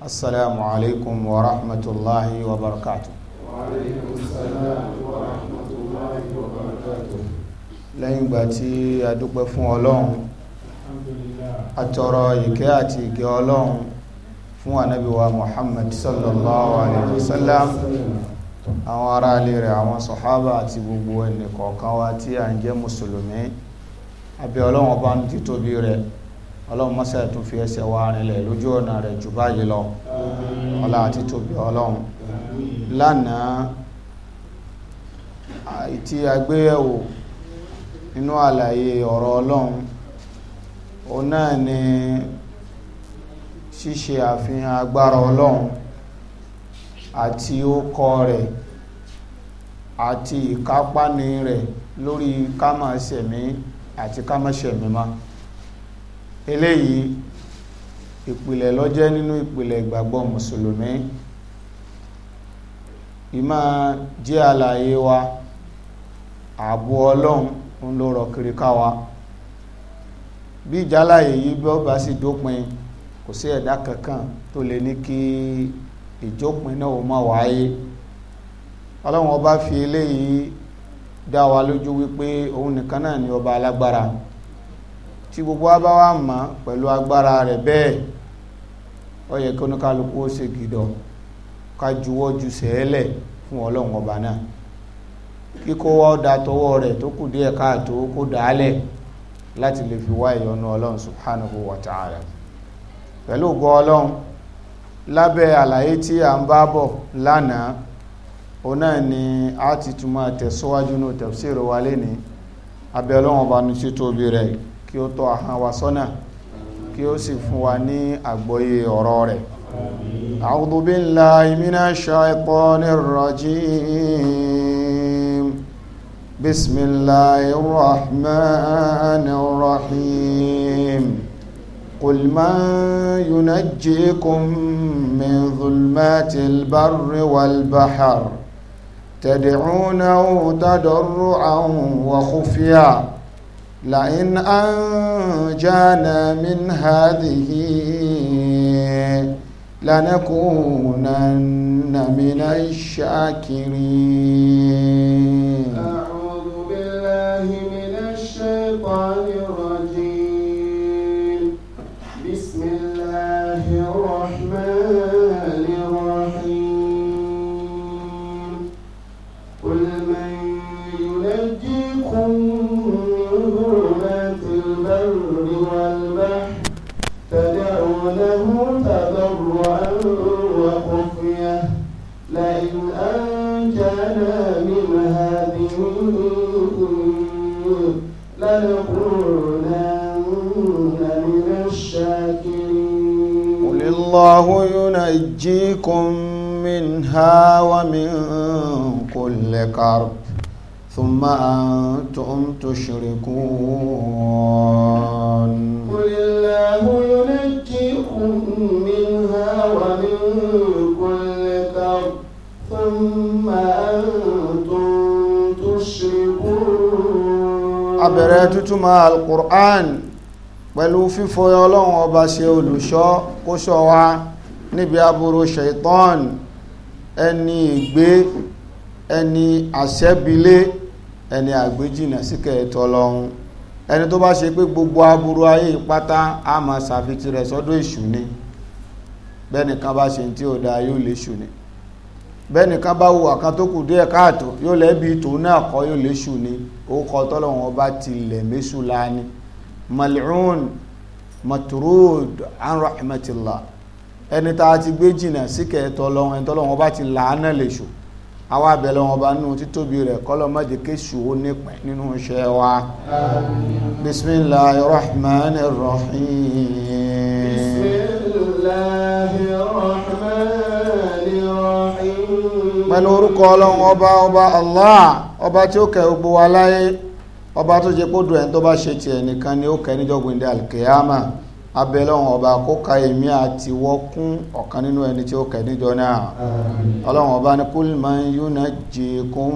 السلام عليكم ورحمة الله وبركاته وعليكم السلام ورحمة الله وبركاته lẹ́yìn ìgbà tí a dúpẹ́ fún ọlọ́run àtọ̀rọ̀ ìkẹ́ àti ìkẹ́ ọlọ́run fún ànábíwá Muhammad sallallahu alaihi wasallam àwọn ará ilé rẹ̀ àwọn sọ̀hábà àti gbogbo ẹnì kọ̀ọ̀kan wa tí a ń jẹ́ mùsùlùmí abẹ́ ọlọ́run ọba ń títóbi rẹ̀ ọlọ́run mọ́sẹ̀ tún fi ẹsẹ̀ wa rinlẹ̀ lójú ọ̀nà rẹ̀ jù báyìí lọ ọlá àti tóbi ọlọ́run lánàá àti àgbéyẹ̀wò nínú àlàyé ọ̀rọ̀ ọlọ́run òun náà ni ṣíṣe àfihàn agbára ọlọ́run àti ókọ rẹ̀ àti ìkápáni rẹ̀ lórí ká máa ṣẹ̀mí àti ká máa ṣẹ̀mí máa eléyìí ìpìlẹ̀ ló jẹ́ nínú ìpìlẹ̀ ìgbàgbọ́ mùsùlùmí ìmá jẹ́ àlàyé wa ààbò ọlọ́run ń ló rọ kiri káwa bí ìjálàyé yìí bí ó bá sì dópin kò sí ẹ̀dá kankan tó lè ní kí ìjópin náà ó má wáyé ọlọ́run ọba fi eléyìí dá wa lójú wípé òun nìkan náà ni ọba alágbára tí gbogbo wa bá wà mọ́ pẹ̀lú agbára rẹ̀ bẹ́ẹ̀ ó yẹ kí oníkálukú ó ṣe gìdọ̀ ká juwọ́ ju sẹ́ẹ̀lẹ̀ fún ọlọ́run ọba náà kíkó wa ó da tọwọ́ rẹ̀ tó kù díẹ̀ káàtó kó dàálẹ̀ láti lè fi wá ìyọ́nú ọlọ́run subhanahu wa ta'ala pẹ̀lú ògbọ́ ọlọ́run lábẹ́ àlàyé tí a ń bá bọ̀ lánàá o náà ni a ti túnmọ̀ tẹ̀síwájú ní tafsir wa lẹ́ni abẹ́ ọlọ́run ọba ní títóbi rẹ̀ kí ó tọ́ àhán wa sọ́nà kí ó sì fún wa ní àgbọ́yé ọ̀rọ̀ rẹ̀ أعوذ بالله من الشيطان الرجيم بسم الله الرحمن الرحيم قل من ينجيكم من ظلمات البر والبحر تدعونه تضرعا وخفيا لئن أنجانا من هذه لنكونن من الشاكرين أعوذ بالله من الشيطان الرجيم وخفية لئن أنجانا من هذه لنكونن من الشاكرين قل الله ينجيكم منها ومن كل كرب ثم أنتم تشركون قل الله ينجيكم منها ومن كل كرب ثم أنتم تشركون abẹ̀rẹ̀ tútùmọ̀ alukur'an pẹ̀lú fífọyọ ọlọ́run ọba ṣe olùṣọ́ kó ṣọ́ wa níbi aburú ṣaitan ẹni ìgbé ẹni àṣẹ́bilé ẹni àgbéjìnà síkẹ̀ ẹ̀tọ́ lọ́hun ẹni tó bá ṣe pé gbogbo aburú ayé ìpátá a máa ṣàfitì rẹ̀ sọ́dọ̀ èṣù ni bẹ́nìkan bá ṣe tí ó da yóò lè ṣù ni bẹ́nìkan bá wù àkan tó kù díẹ̀ káàtó yóò lẹ́bi tòun náà kọ́ yóò lè ṣù ni ó kọ́ tọ́lọ́hun ọba tilẹ̀ méṣù láàánì mal'un matrud an rahmatillah ẹni tá a ti gbé jìnà síkẹ̀ ẹ̀tọ́ lọ́hun ẹ̀tọ́ lọ́hun ọba ti làánà lè ṣù àwa abẹ̀lẹ̀ wọn bá nínú títóbi rẹ̀ kọ́lọ̀ mọ́jẹ kéṣù ó nípẹ̀ nínú iṣẹ́ wa bismillahir rahmanir rahim bismillahir rahim pẹ̀lú orúkọ ọlọ́run ọba ọba allah ọba tí ó kẹ gbogbo wa láyé ọba tó jẹ́ kó dùn ẹ̀ tó bá ṣe tiẹ̀ nìkan ni ó kẹ níjọ́gbìn dé alkiyama. abẹ́lọ́wọ̀n ọba kó ka èmi àti wọ́ kún ọ̀kan nínú ẹni tí ó kẹ̀ níjọ náà ọlọ́wọ̀n ọba ní kul man yunajjikum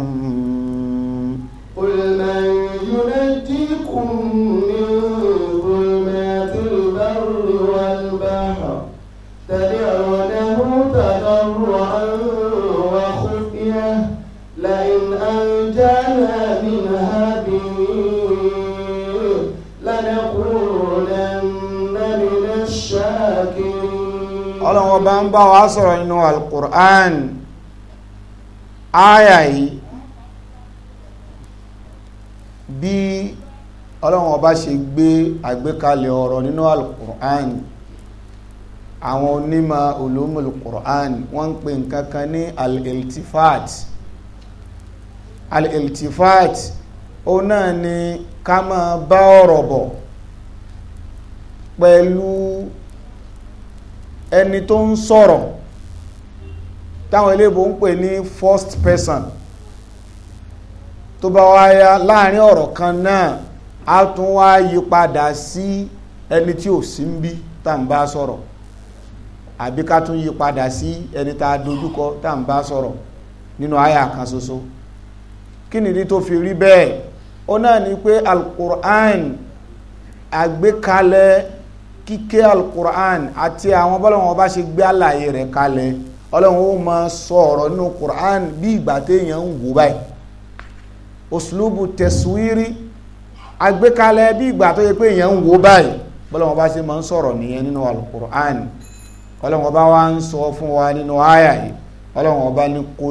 kul man yunajjikum min dhulumatil barri wal bahri تدعونه تضرعا وخفية لئن أنجانا من هذا ọlọ́run ọba ń bá wa sọ̀rọ̀ nínú alukur'an aya yìí bí ọlọ́run ọba ṣe gbé àgbékalẹ̀ ọ̀rọ̀ nínú alukur'an àwọn onímọ̀ ulumul Qur'an wọ́n ń pè nǹkan ní al-iltifat al-iltifat ó náà ni ká máa bá ọ̀rọ̀ bọ̀ pẹ̀lú ẹni tó ń sọ̀rọ̀ táwọn eléèbó ń pè ní first person tó bá wáyá láàrin ọ̀rọ̀ kan náà a tún wá yí padà sí ẹni tí ò sí ń bí tá ń bá sọ̀rọ̀ àbí ká tún yí padà sí ẹni tá a dojúkọ tá ń bá sọ̀rọ̀ nínú àyà kan soso kí nìdí tó fi rí bẹ́ẹ̀ ó náà ni pé alukur'an àgbékalẹ̀ kíké alukur'an àti àwọn bọ́lọ́wọ́n ọba ṣe gbé àlàyé rẹ̀ kalẹ̀ ọlọ́run ó máa sọ ọ̀rọ̀ nínú kur'an bí ìgbà téèyàn ń wò báyìí òṣùlùbù tẹ̀síwírí àgbékalẹ̀ bí ìgbà tó yẹ pé èèyàn ń wò báyìí bọ́lọ́wọ́n ọba ṣe máa ń sọ̀rọ̀ nìyẹn nínú alukur'an ọlọ́run ọba wa ń sọ fún wa nínú àyà yìí ọlọ́run ọba ní kó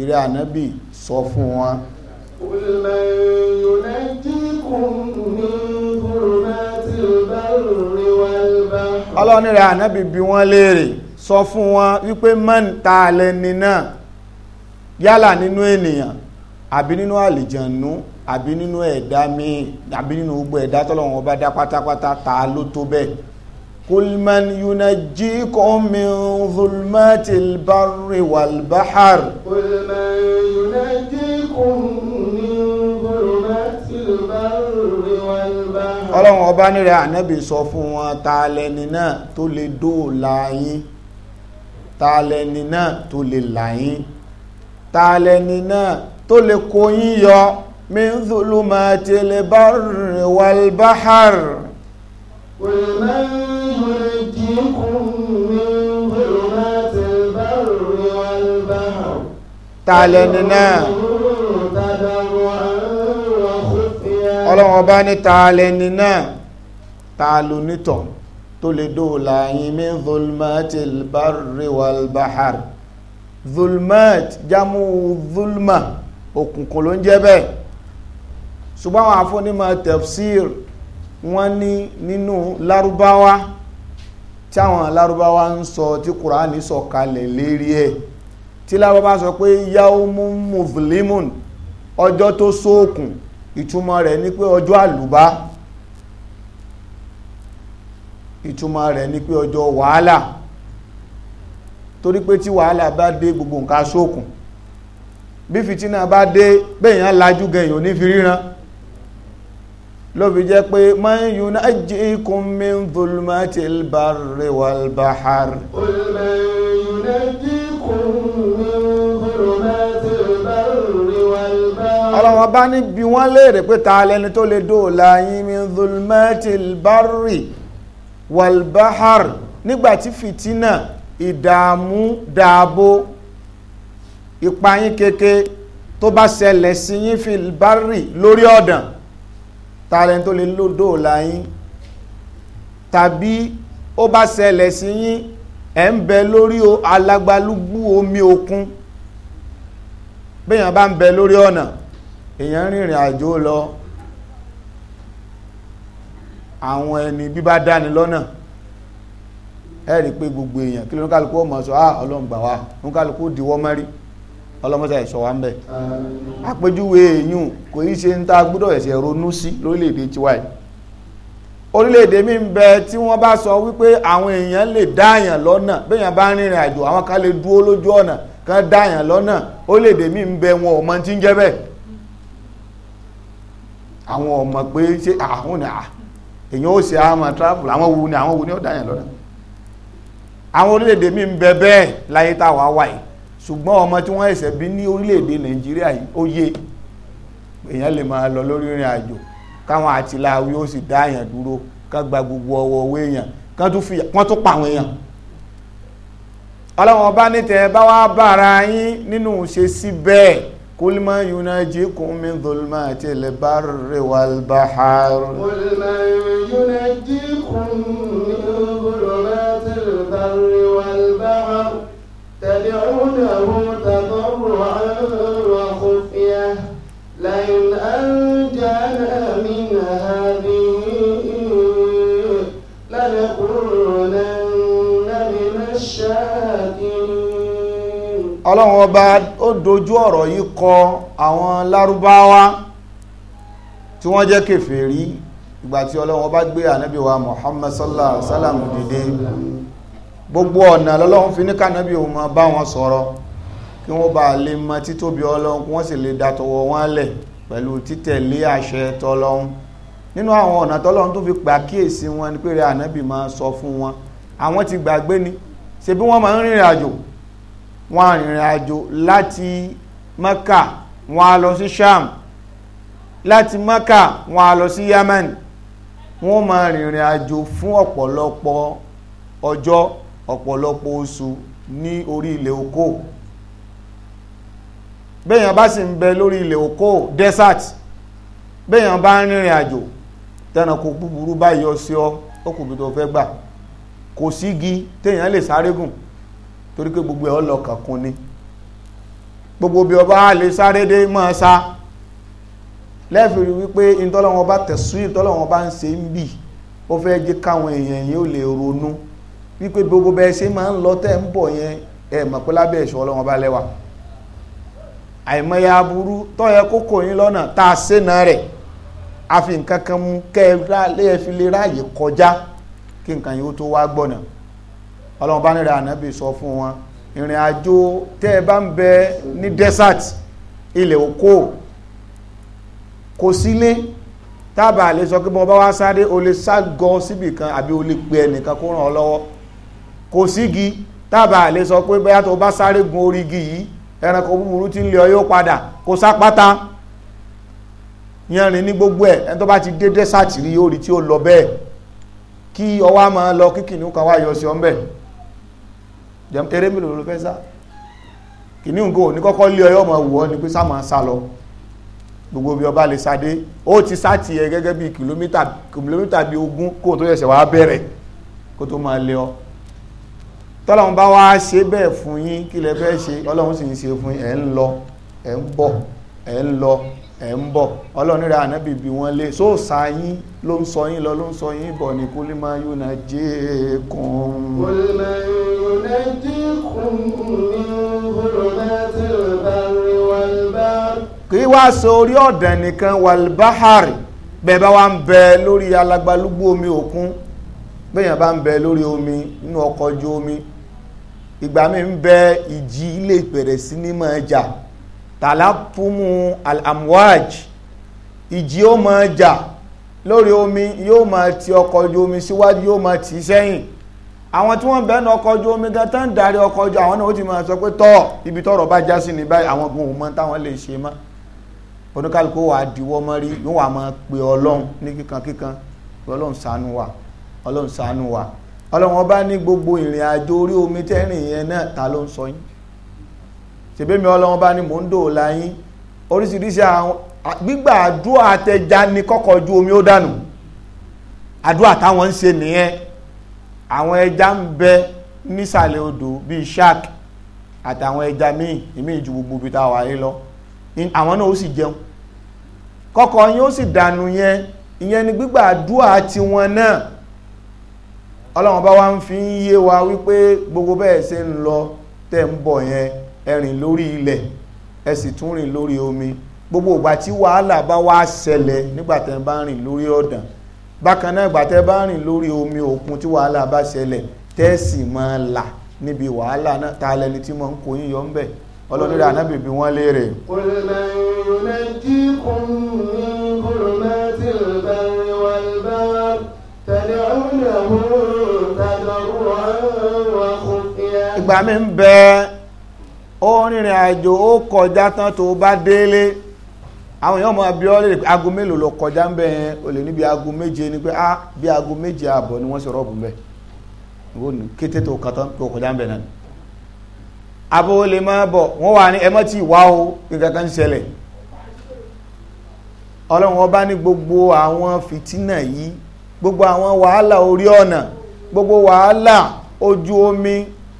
eré ànábì sọ fún wa. olè yóò lè dín kùn ní. ọlọ́ni rẹ̀ ànábì bí wọ́n léèrè sọ fún wọn wípé mọ́n ta lẹni náà yálà nínú ènìyàn àbí nínú àlìjànú àbí nínú ẹ̀dá míì àbí nínú gbogbo ẹ̀dá tọ́lọ́wọ́n bá dá pátápátá ta ló tó bẹ́ẹ̀ kulman yunajikum min zulmatil barri wal bahar kulman yunajikum ọlọ́run ọba nírẹ̀ ànábì sọ fún wọn ta lẹni náà tó lè dóòlà yín ta lẹni náà tó lè là yín ta lẹni náà tó lè kó yín yọ min zulumatil barri wal bahr qul man yunjikum min ta lẹni náà. ọlọ́run ọba ní ta lẹni náà ta ló nítọ̀ tó lè dóòlà yín min zulmatil barri wal bahar zulmat jamu zulma òkùnkùn ló ń jẹ́ bẹ́ẹ̀ ṣùgbọ́n àwọn afọ́nímọ̀ tafsir wọ́n ní nínú lárúbáwá tí àwọn lárúbáwá ń sọ tí kùránì sọ kalẹ̀ lérí ẹ̀ tí lárúbáwá sọ pé yaumu muzlimun ọjọ́ tó ṣókùn ìtumọ̀ rẹ̀ ni pé ọjọ́ àlùbá ìtumọ̀ rẹ̀ ni pé ọjọ́ wàhálà torí pé tí wàhálà bá dé gbogbo nǹkan sókùn bí fìtínà bá dé bẹ́yàn lajú gẹ̀yàn ní fi ríran ló fi jẹ́ pé man yunajjikum min dhulmatil barri wal bahar qul man yunajjikum ọlọ́run ọba ní bí wọ́n léèrè pé ta lẹni tó lè dóòlà yín min zulmatil barri wal bahar nígbàtí fìtínà ìdààmú dààbò ìpayín keke tó bá ṣẹlẹ̀ sí yín fil barri lórí ọ̀dàn ta lẹni tó lè dóòlà yín tàbí ó bá ṣẹlẹ̀ sí yín ẹ̀ ń bẹ lórí alagbalúgbú omi òkun béèyàn bá ń bẹ lórí ọ̀nà èèyàn rìnrìn àjò lọ àwọn ẹni bíbá dáni lọ́nà ẹ̀rí pé gbogbo èèyàn kí ló kálukú ọmọ sọ ah ọlọ́run gbà wá kálukú dìwọ́ mẹ́rí ọlọ́mọsà ìṣọ̀ wa ń bẹ̀ èèyàn kò í ṣe ń ta gbọ́dọ̀ ẹ̀sẹ̀ ronú sí lórílẹ̀‐èdè tiwa yìí orílẹ̀-èdè mi bẹ tí wọ́n bá sọ wípé àwọn èèyàn lè lọ́nà bá rìnrìn àjò àwọn kan àwọn ọmọ pé ṣe àhún ni èyàn ó ṣe àmà travel àwọn wu ni àwọn wu ni ó dáyàn lọ́nà àwọn orílẹ̀-èdè mi ń bẹ bẹ́ẹ̀ láyé táwa wà yìí ṣùgbọ́n ọmọ tí wọ́n ẹ̀sẹ̀ bí ní orílẹ̀-èdè Nàìjíríà yìí ó yé èyàn lè máa lọ lórí ìrìn àjò káwọn àtìláwí ó sì dáyàn dúró ká gba gbogbo ọwọ́ owó èèyàn kán tún fìyà wọ́n tún pa àwọn èèyàn ọlọ́wọ́n bá ní tẹ́ bá wá bára yín nínú ṣe sí bẹ́ẹ̀ قل ما يناجيكم من ظلمات البر والبحر قل ما يناجيكم من ظلمات البر والبحر تدعونه تضرعا وخفية لئن أنجانا من هذه لنكون ọlọ́run ọba ó dojú ọ̀rọ̀ yìí kọ àwọn lárúbáwá tí wọ́n jẹ́ kèfèrí ìgbà tí ọlọ́run ọba gbé ànábì wa Muhammad sallallahu alaihi wasallam dìde gbogbo ọ̀nà lọ́lọ́run fi ní kànábì òun máa bá wọn sọ̀rọ̀ kí wọ́n bá lè mọ títóbi ọlọ́run kí wọ́n sì lè dàtọ̀wọ̀ wọn lẹ̀ pẹ̀lú títẹ̀lé àṣẹ tọlọ́run nínú àwọn ọ̀nà tọlọ́run tó fi pàkíyèsí wọn ni pé rẹ̀ ànábì máa sọ fún wọn àwọn ti gbàgbé ni ṣebí wọ́n máa ń rìnrìn àjò wọ́n arìnrìn àjò láti mẹ́kà wọ́n á lọ sí sham láti mẹ́kà wọ́n á lọ sí yemen wọ́n máa rìnrìn àjò fún ọ̀pọ̀lọpọ̀ ọjọ́ ọ̀pọ̀lọpọ̀ oṣù ní orí ilẹ̀ oko bẹ́yàn bá sì ń bẹ lórí ilẹ̀ oko desert bẹ́yàn bá rìnrìn àjò tẹ́nàkó búburú bá sí ọ ó tó fẹ́ gbà kò sígi téèyàn lè sáré gùn torí pé gbogbo ẹ̀ ọlọ́kàn ni gbogbo bí ọba lè sáré dé máa sá lẹ́fìrí wípé ìtọ́lọ́wọ́n bá tẹ̀sùn ìtọ́lọ́wọ́n bá ń ṣe ń bì ó fẹ́ jẹ́ káwọn èèyàn yìí lè ronú wípé gbogbo bẹ́ẹ̀ ṣe máa ń lọ tẹ́ ń bọ̀ yẹn ẹ̀ mọ̀ pé lábẹ́ ìṣọ́ bá lẹ́wà àìmọye aburú yín lọ́nà ọlọ́run bá nírẹ̀ ànábì sọ fún wọn ìrìn àjò tẹ́ ẹ bá ń bẹ ní desert ilẹ̀ oko kò sílé tábà lè sọ pé bọ́n bá wá sáré o lè ságọ síbì kan àbí o lè pe ẹnìkan kó ràn ọ́ lọ́wọ́ kò sígi tábà lè sọ pé bóyá tó bá sáré gun orí yìí ẹranko búburú tí ń lé ọ padà kò sápátá yẹnrin ní gbogbo ẹ̀ ẹni tó bá ti dé desert rí orí tí ó lọ bẹ́ẹ̀ kí ọwá máa lọ kíkìnú kan wá yọ sí ọ́n bẹ́ẹ̀ eré mélòó ló fẹ́ sá kìíní nǹkan ò ní kọ́kọ́ lé ọyọ́ ọmọ wọ́ ni pé sá máa sá lọ gbogbo bí ọba lè sáde ó ti sá tiẹ̀ gẹ́gẹ́ bí kìlómítà kìlómítà bí ogún kó tó yẹsẹ̀ wá bẹ̀rẹ̀ kó tó máa lé ọ tọ́lọ́run bá wá ṣe bẹ́ẹ̀ fún yín kí lẹ fẹ́ ṣe ọlọ́run sì ń ṣe fún yín ẹ̀ ń lọ ẹ̀ ń bọ̀ ẹ̀ ń lọ ẹ̀ ń bọ̀ ọlọ́run rẹ̀ ànábì bí wọ́n lé só sa yín ló ń sọ yín lọ ló ń sọ yín bọ̀ ní kúlí máa yóò náà jẹ́ kún kí wá sọ orí ọ̀dàn nìkan wàlbáhàrì bẹ̀bá wa ń bẹ lórí alágbálúgbú omi òkun bẹ́yàn bá ń bẹ lórí omi nínú ọkọ̀ ojú omi ìgbà mi ń bẹ ìjì ilé ìpẹ̀rẹ̀ sí ní máa jà tàlàpùmù al-amwaj ìjì ó máa jà lórí omi yóò máa ti ọkọ̀ ojú omi síwájú yóò máa tì í sẹ́yìn àwọn tí wọ́n bẹ́ẹ̀nù ọkọ̀ ojú omi gan tán darí ọkọ̀ ojú àwọn náà ó ti máa sọ pé tọ́ ibi tọ́rọ̀ bá já sí ní báyìí àwọn ohun mọ́ táwọn lè ṣe mọ́ oníkálukú wà á diwọ́ mọ́ rí yóò wà máa pe ọlọ́run ní kíkan kíkan ọlọ́run ṣàánú wa ọlọ́run ṣàánú wa ọlọ́run ọba ní gbogbo ìrìn àjò orí omi tẹ́rìn yẹn náà ta ló ń sọ yín ṣèbémi ọlọ́run bá ní mò ń dòòlà yín oríṣiríṣi àwọn gbígbà àdúrà àtẹja ni kọ́kọ́ ju omi ó dànù àdúrà táwọn ń ṣe nìyẹn àwọn ẹja ń bẹ nísàlẹ̀ odò bíi shark àtàwọn ẹja míì ìmíì ju gbogbo ibi tá a lọ àwọn náà ó sì jẹun kọ́kọ́ yín ó sì dànù yẹn ìyẹn ni gbígbà àdúrà tiwọn náà ọlọ́run bá wa ń fi yé wa wípé gbogbo bẹ́ẹ̀ ṣe ń lọ tẹ̀ ń bọ̀ yẹn ẹ̀rìn lórí ilẹ̀ ẹ sì tún rìn lórí omi gbogbo ìgbà tí wàhálà bá wá ṣẹlẹ̀ nígbà tẹ́ bá rìn lórí ọ̀dàn bákan náà ìgbà tẹ́ bá rìn lórí omi òkun tí wàhálà bá ṣẹlẹ̀ tẹ́ẹ̀sì máa là níbi wàhálà náà ta lẹni tí mo ń kó yín ń bẹ̀ ọlọ́dún rẹ̀ ànábì bí wọ́n léèrè. ìgbà mi ń bẹ́ẹ̀ ó rìnrìn àjò ó kọjá tán tó bá délé àwọn èèyàn máa bi ọ léèrè pé aago mélòó lọ kọjá ń bẹ̀ yẹn o níbi aago méje ni pé ah bí aago méje ààbọ̀ ni wọn ṣe rọ́ọ̀bù ń bẹ̀ kété tó kàn tán tó kọjá ń bẹ̀ náà abo lè máa bọ̀ wọ́n wà ní ẹmọ́ tí ìwá o nǹkan kan ń ṣẹlẹ̀ ọba ní gbogbo àwọn fìtínà yìí gbogbo àwọn wàhálà orí ọ̀nà gbogbo wàhálà ojú omi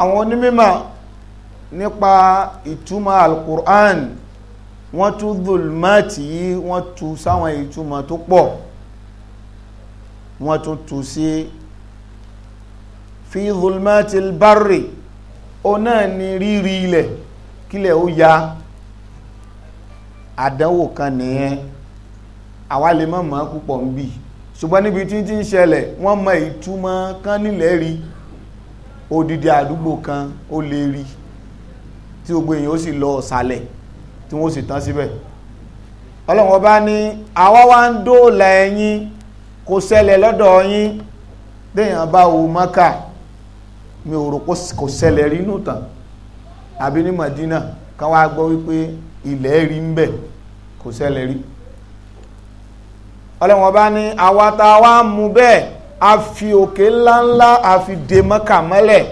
àwọn onímọ̀ nípa ìtumọ̀ al-Qur'an wọ́n tú dhulmati yìí wọ́n tú sáwọn ìtumọ̀ tó pọ̀ wọ́n tún tú sí fi zulmati al-barri o náà ni rírí ilẹ̀ kílẹ̀ ó ya àdánwò kan nìyẹn àwa lè mọ̀ mọ́ púpọ̀ ń bì ṣùgbọ́n níbi tí ń ṣẹlẹ̀ wọ́n mọ ìtumọ̀ kan nílẹ̀ rí odidi àdúgbò kan ó lè rí tí gbogbo èèyàn ó sì lọ ọ̀sàlẹ̀ tí wọ́n sì tán síbẹ̀ ọlọ́run ọba ní àwa wá ń dóòlà ẹ̀yin kò ṣẹlẹ̀ lọ́dọ̀ yín déèyàn bá wo mọ́kà mi ò rò kò ṣẹlẹ̀ rí inú àbí ní Madina kan wá gbọ́ wípé ilẹ̀ rí ń bẹ̀ kò ṣẹlẹ̀ rí ọlọ́run ọba ní àwa tá a wá mú bẹ́ẹ̀ a fi òkè ńláńlá a fi dè mọ́kà mọ́lẹ̀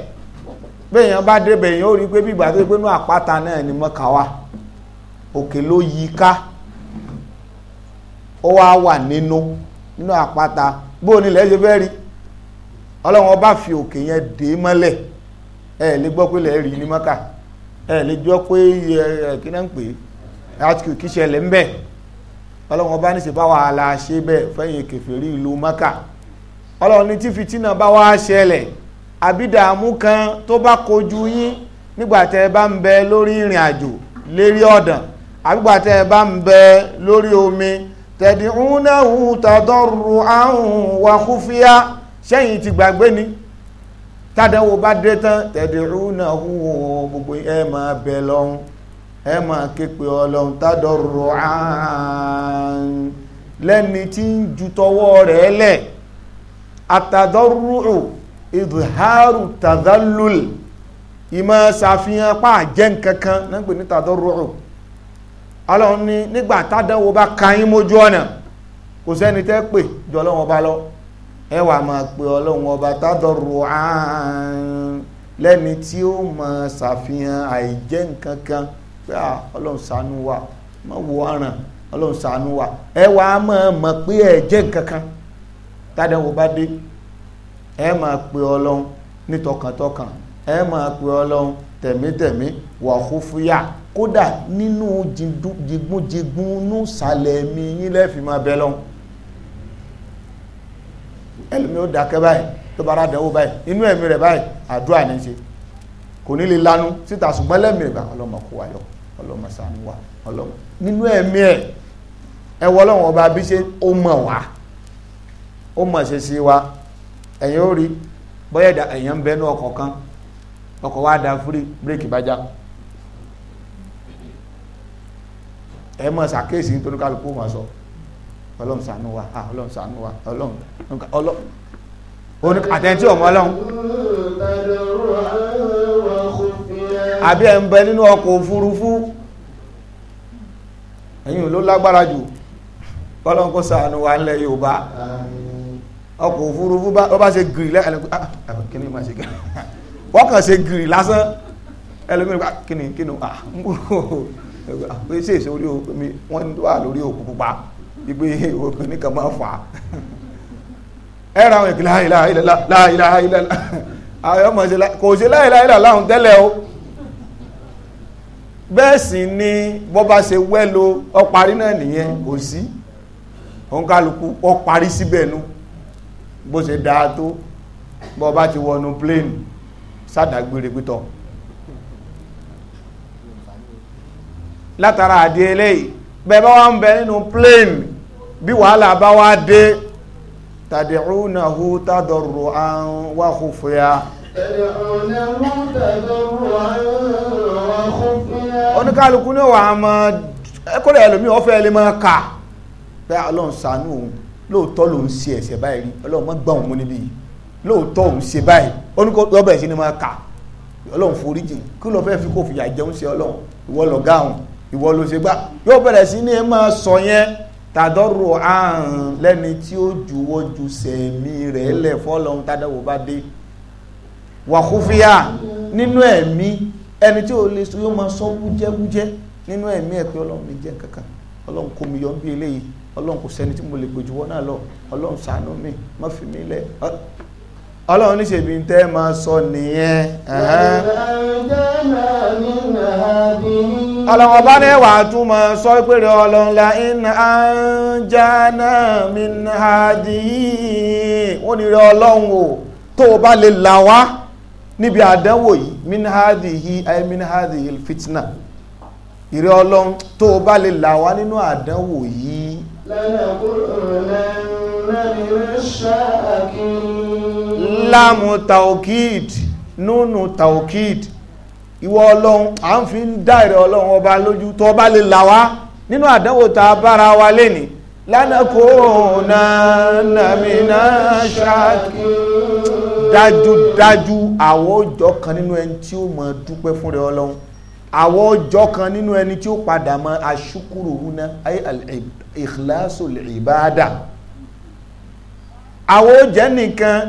bẹ́ẹ̀yàn bá débẹ̀ yẹn ó rí pé bígbà tó gbénú àpáta náà ni mọ́kà wà òkè ló yí ká ó wá wà nínú nínú àpáta bóun ni ilẹ̀ ṣe fẹ́ rí ọlọ́run ọba fi òkè yẹn dè mọ́lẹ̀ ẹ lè gbọ́ pé ilẹ̀ rí ní mọ́kà ẹ lè gbọ́ pé ẹ kí náà ń pè é àti kìí ṣẹlẹ̀ ń bẹ̀ ọlọ́run ọba ní ṣe bá wàhálà ṣe bẹ́ẹ̀ fẹ́yìn kèfèrí ìlú mọ́kà. ọlọ́run ní tí na bá wá ṣẹlẹ̀ àbídààmú kan tó bá kojú yín nígbà bá ń bẹ lórí ìrìn àjò lérí ọ̀dàn bá ń bẹ lórí omi tẹ̀díhúnáhù tàdọ́rù àhùn wà kúfíà sẹ́yìn ti gbàgbé ni bá dé tán gbogbo máa bẹ lọ́hùn máa ké pe tàdọ́rù àhùn lẹ́ni tí ń ju tọwọ́ rẹ̀ àtàdọ́rùrù ìdùhárù tàdálùl ìmọ̀ ṣàfihàn pa àjẹ́ nkankan náà pè ní tàdọ́rùrù ọlọ́run ní nígbà tádánwò bá ka yín mójú ọ̀nà kò sẹ́ni tẹ́ pè jọ ọlọ́run ọba lọ ẹ wà máa pe ọlọ́run ọba tádọ́rùrù ààrùn lẹ́ni tí ó mọ̀ ṣàfihàn àìjẹ́ nkankan pé ọlọ́run ṣàánú wa mọ̀ wọ ọlọ́run ṣàánú wa ẹ máa mọ̀ pé ẹ̀jẹ̀ nkankan tádẹ́wò bá dé ẹ máa pe ọlọ́run ní tọkàntọkàn ẹ máa pe ọlọ́run tẹ̀mítẹ̀mí wà kúfúyà kódà nínú jigbójigbún nú sàlẹ̀ mi yín lẹ́fì máa bẹ lọ́hùn ẹlòmí ó dákẹ́ báyìí tó bá rádẹ́wò báyìí inú ẹ̀mí rẹ̀ báyìí àdúrà ní ṣe kò ní lè lanu síta ṣùgbọ́n lẹ́mí rẹ̀ báyìí ọlọ́mọ kó wa yọ ọlọ́mọ ṣàánú wa ọlọ́mọ nínú ẹ̀mí ẹ̀ ẹwọ́ ọlọ́run ọba bí ṣe ó mọ̀ wá ó mọ̀ ṣe sí wa ẹ̀yin ó rí bọ́yẹ̀dà ẹ̀yàn ń bẹnu ọkọ̀ kan ọkọ̀ wa da fúrí bírèkì bá já ẹ mọ̀ ṣàkíyèsí nítorí kálukú mọ̀ sọ ọlọ́run ṣàánú wa ọlọ́run ṣàánú wa ọlọ́run àtẹ̀ntí ọmọ ọlọ́run àbí ẹ̀ ń bẹ nínú ọkọ̀ òfurufú ẹ̀yin ló lágbára jù ọlọ́run kó ṣàánú wa nílẹ̀ Yorùbá ọkọ̀ òfurufú bá bá ṣe gírì lẹ́yìn kí ni máa ṣe gírì wọ́n kàn ṣe gírì lásán ẹlòmíràn bá ah, kí ni kí ni à ah, ń bò ó ah, ṣe èso orí omi wọ́n wà lórí òkú pupa ìgbé òkú nìkan máa fà á ẹ ra àwọn ìkìlá ìlà ìlà ìlà àwọn ọmọ ṣe kò ṣe láìláì ìlà láhùn tẹ́lẹ̀ o bẹ́ẹ̀ sì ni bọ́ bá ṣe wẹ́lo ọparí náà nìyẹn kò sí òun kálukú ọparí síbẹ̀ nu. No bó ṣe dáa tó bọ́ bá ti wọnú plane sádàgbére pítọ̀ látara àdí eléyìí bẹ́ẹ̀ bá wà ń bẹ nínú plane bí wàhálà bá wá dé tàdíhúnahu tàdọ̀rù àwọn wáhùfúyà oníkálukú ní wà á mọ́ ẹkọ́lẹ̀ ẹlòmí ọ̀fẹ́ ẹlẹ́mọ́ ká bẹ́ẹ̀ ọlọ́run ṣàánú òun lóòótọ́ ló ń ṣe ẹ̀ṣẹ̀ báyìí rí ọlọ́run mọ́ gbọ́n òun níbí lóòótọ́ òun ṣe báyìí ó ní kó lọ́bẹ̀ sí ni máa kà ọlọ́run forí jìn kí ló fẹ́ fi kó fìyà jẹun ṣe ọlọ́run ìwọ lọ gáhùn ìwọ ló ṣe gbá yóò bẹ̀rẹ̀ sí ní ẹ máa sọ yẹn tàdọ́rọ̀ àrùn lẹ́ni tí ó juwọ́ ju sẹ̀mí rẹ̀ lẹ̀ fọ́lọ́run tádàwọ̀ bá dé wàkúfíà nínú ẹ̀mí ẹni tí ó lè sọ yóò máa sọ wújẹ́wújẹ́ nínú ẹ̀mí ẹ̀pẹ́ ọlọ́run mi jẹ́ kankan ọlọ́run kò mí yọ bí eléyìí ọlọ́run kò sẹ́ni tí mo lè gbójú wọ́n náà lọ ọlọ́run ṣàánú mi má fi mí lẹ̀ ọlọ́run ní ṣèbí tẹ́ máa sọ nìyẹn ọlọ́run bá ní wà tún máa sọ pé rẹ ọlọ́run la iná àjáná mi hadiyi wọ́n ní rẹ ọlọ́run o tó o bá lè là wá níbi àdánwò yìí min hadiyi ay min hadiyi fitna ìrẹ ọlọ́run tó o bá lè là wá nínú àdánwò yìí láàmù taokid núnù taokid ìwọ ọlọ́run à ń fi ń dá ìrẹ̀ ọlọ́run ọba lójú tó bá lè là wá nínú àdánwò tá a bára wa lẹ́ni lánàkó nàmìnà ṣáàkì dájúdájú àwọn òjò kan nínú ẹni tí ó mọ̀ dúpẹ́ fún rẹ̀ ọlọ́run àwọn ọjọ́ kan nínú ẹni tí ó padà mọ aṣúkúrò húná ayé ìhlásù ìbáadà àwọn ó jẹ́ nìkan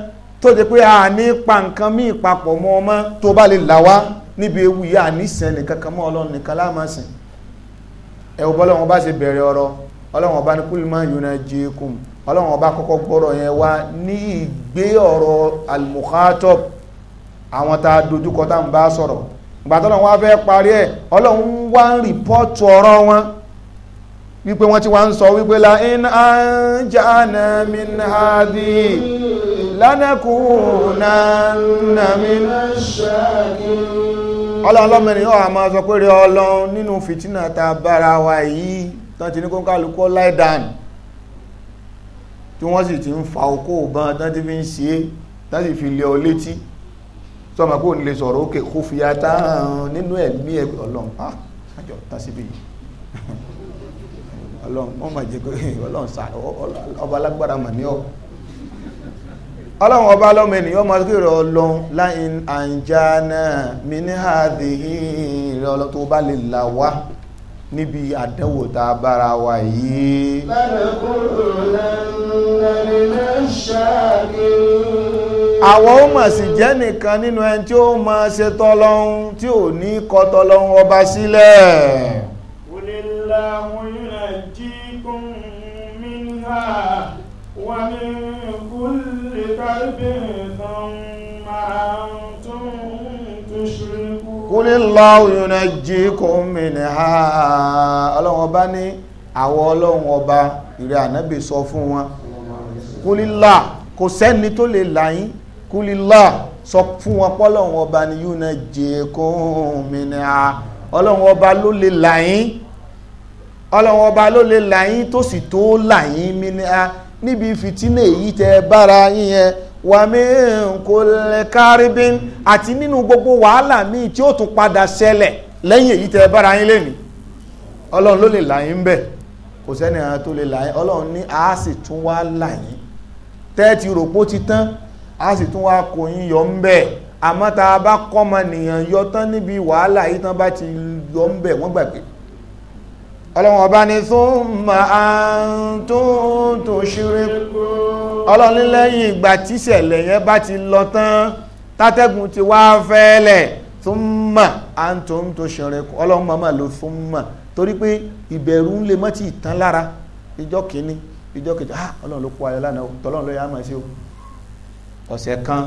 tó ti pé a ní pa nǹkan míì papọ̀ mọ́ ọmọ tó bá lè là wá níbi ewu yìí àníṣẹ́ nìkan kan mọ́ ọlọ́run nìkan láàmásìn ẹ̀wọ̀ bọ́lọ́wọ́n bá ṣe bẹ̀rẹ̀ ọ̀rọ̀ ọlọ́run ọba ní kúlùmọ́ yóná jẹ́kùn ọlọ́run ọba kọ́kọ́ gbọ́rọ̀ yẹn wá ní ìgbé ọ̀rọ̀ al àwọn tá a dojúkọ tá bá sọ̀rọ̀ gbàtọ́lọ̀ wọn fẹ́ parí ẹ̀ ọlọ́run wá ń rìpọ́tù ọ̀rọ̀ wọn wípé wọ́n ti wá ń sọ wípé la in anjana min hadi lanaku min shakirin ọlọ́run lọ́mọrin yóò àmọ́ sọ pé rí ọlọ́run nínú fìtínà ta bára wa yìí tán ti ní kó láìdán tí ti ń fa okó ọ̀bọ̀n tán ti fi ń ṣe é tán sì fi lé ọ létí tó ọmọ kó nílé sọ̀rọ̀ òkè kó fi nínú ẹ̀mí ẹ̀ ọlọ́run ah àjọ tán síbi yìí ọlọ́run wọ́n máa jẹ́ pé ọlọ́run sá ọba alágbára mà ní ọ ọlọ́run ọba lọ́mọ ènìyàn máa kí rẹ ọlọ́run láìn àǹjá ní àdé níbi àdánwò tá a bára wa yìí. lánàá kúrò lánàá lè ṣáà kiri àwọn ó mọ̀ sí jẹ́ nìkan nínú ẹni tí ó mọ̀ ṣe tọ́lọ́hun tí ò ní kọ tọ́lọ́hun ọba sílẹ̀ Qulillahu yunajjikum minha ọlọ́run ọba ní àwọn ọlọ́run ọba ìrẹ́ ànábì sọ fún wọn Qulillah kò sẹ́ni tó lè là kúlílá sọ fún wọn pọ́lọ́wọ́n ọba ni yóò náà jẹ́ kóhùn mi ni a ọlọ́wọ́n ọba ló lè làyín ọlọ́wọ́n ọba ló lè làyín tó sì tó làyín mi ni a níbi fìtínà èyí tẹ bára yín yẹn wà mí kò lè kárìbín àti nínú gbogbo wàhálà míì tí ó tún padà ṣẹlẹ̀ lẹ́yìn èyí tẹ bára yín lẹ́nu ọlọ́run ló lè làyín bẹ́ẹ̀ kò sẹ́ni àwọn tó lè làyín ọlọ́run ní a sì tún wá làyín tẹ́ẹ̀tì rògbò ti tán a sì tún wá kò yín yọ ń bẹ̀ àmọ́ tá a bá kọ́mọ nìyàn yọ tán níbi wàhálà yìí tán bá ti yọ ń bẹ̀ wọ́n gbàgbé ọlọ́run ọba ni thumma antum tushriku ọlọ́run lẹ́yìn ìgbà tíṣẹ̀lẹ̀ yẹn bá ti lọ tán tátẹ́gùn ti wá fẹ́lẹ̀ thumma antum tushriku ọlọ́run màmá ló thumma torí pé ìbẹ̀rù ń lè mọ́ ìtàn lára ìjọ kìíní ìjọ kejì ah, ọlọ́run ló kó ayọ̀ lánàá tọ́lọ́run ló máa ṣe o ọ̀sẹ̀ kan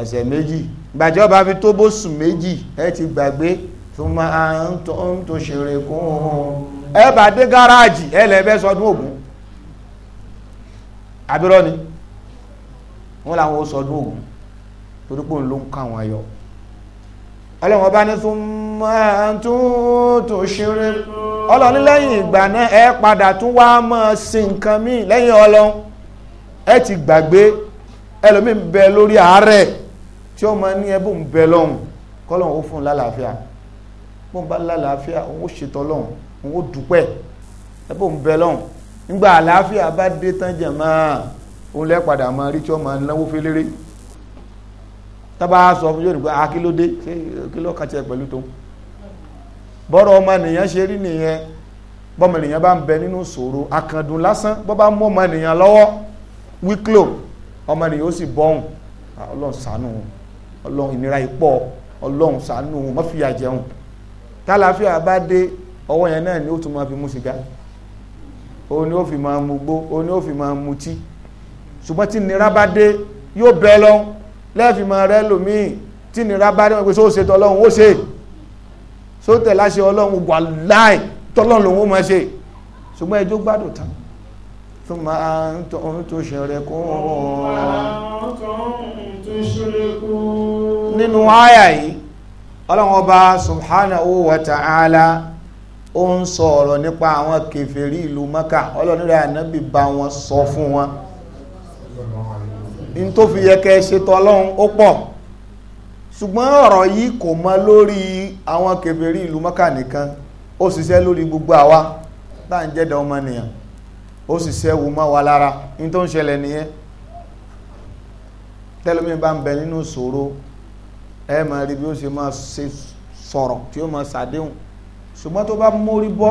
ọ̀sẹ̀ méjì gbàjọ́ bá fi tó bóṣù méjì ẹ ti gbàgbé tó máa ń tó ń tó ṣeré kún ẹ bá dé gáràjì ẹ lẹ́ẹ̀bẹ́ sọdún ògún abirọ́ ni wọ́n làwọn ó sọdún ògún torí pé òun ló ń ká àwọn ayọ̀ ọlọ́run bá ní fún máa tún tó ṣeré ọlọ́run lẹ́yìn ìgbà náà ẹ padà tún wá máa sin nǹkan míì lẹ́yìn ọlọ́run ẹ ti gbàgbé ẹlòmí ń bẹ lórí àárẹ̀ tí ó máa ní ẹbùn ń bẹ lọ́hùn kọ́lọ́hùn ó fún lálàáfíà bóun bá lálàáfíà òun ó ṣètò lọ́hùn òun ó dúpẹ́ ẹbùn ń bẹ lọ́hùn nígbà àlàáfíà bá dé tán jẹ̀ máa òun lẹ́ padà máa rí tí ó máa náwó féléré tábà sọ fún yóò nígbà akílódé ṣé kíló kan tiẹ̀ pẹ̀lú tó bọ́rọ̀ ọmọ nìyẹn ṣe rí nìyẹn bọ́mọ nìyẹn bá ń bẹ nínú ṣòro akandun lásán bọ́ bá mú ọmọ nìyẹn lọ́wọ́ wíklò ọmọ rẹ̀ yóò sì bọ́hùn ah, ọlọ́run ṣàánú ọlọ́run ìnira ipọ̀ ọlọ́run ṣàánú má fìyà jẹun tálàáfíà bá dé ọwọ́ yẹn náà ni ó tún máa fi mú sìgá òun ni ó fi máa mu gbó òun ni ó fi máa mutí ṣùgbọ́n tí nira bá dé yóò bẹ lọ́hùn lẹ́ẹ̀fì máa rẹ́ lòmíì tí nira bá dé wọn pé sóòṣe tọ́lọ́hún ó ṣe sóòtẹ̀ láṣẹ ọlọ́run wà láì tọ́lọ́run lòun ó máa ṣe ṣùgbọ́n ẹjọ́ gbádùn tán ثم أنتم تشركون nínú àyà yìí ọlọ́run ọba subhanahu wa ta'ala ó ń sọ ọ̀rọ̀ nípa àwọn kèfèrí ìlú mẹ́kà ọlọ́run rẹ̀ ànábì ṣùgbọ́n ọ̀rọ̀ yìí kò lórí àwọn kèfèrí ìlú nìkan ó lórí gbogbo àwa tá à ó sì sẹ́wù mọ́ wa lára ní tó ń ṣẹlẹ̀ nìyẹn tẹ́lómi bá ń bẹ nínú ṣòro ẹ máa rí bí ó ṣe máa ṣe sọ̀rọ̀ tí ó máa ṣàdéhùn ṣùgbọ́n tó bá mórí bọ́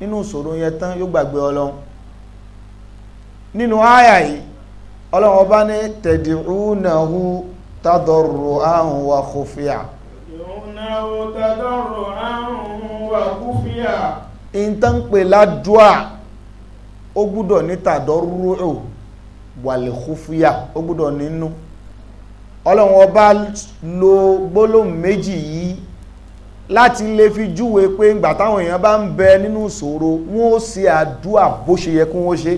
nínú ṣòro yẹn tán yóò gbàgbé ọlọ́run nínú àyà yìí ọlọ́run ọba ní tẹ̀dírúnàhù tádọ̀rù àhùn wa kòfíà ìntànpè ládùá ó gbúdọ̀ ní tàdọ́rúrò wàlẹ̀kúfúyà ó gbúdọ̀ nínú ọlọ́run ọba lo gbólóhùn méjì yìí láti lè fi júwe pé ìgbà táwọn èèyàn bá ń bẹ nínú ìṣòro wọn ó ṣe àdúà bó ṣe yẹ kí wọ́n ṣe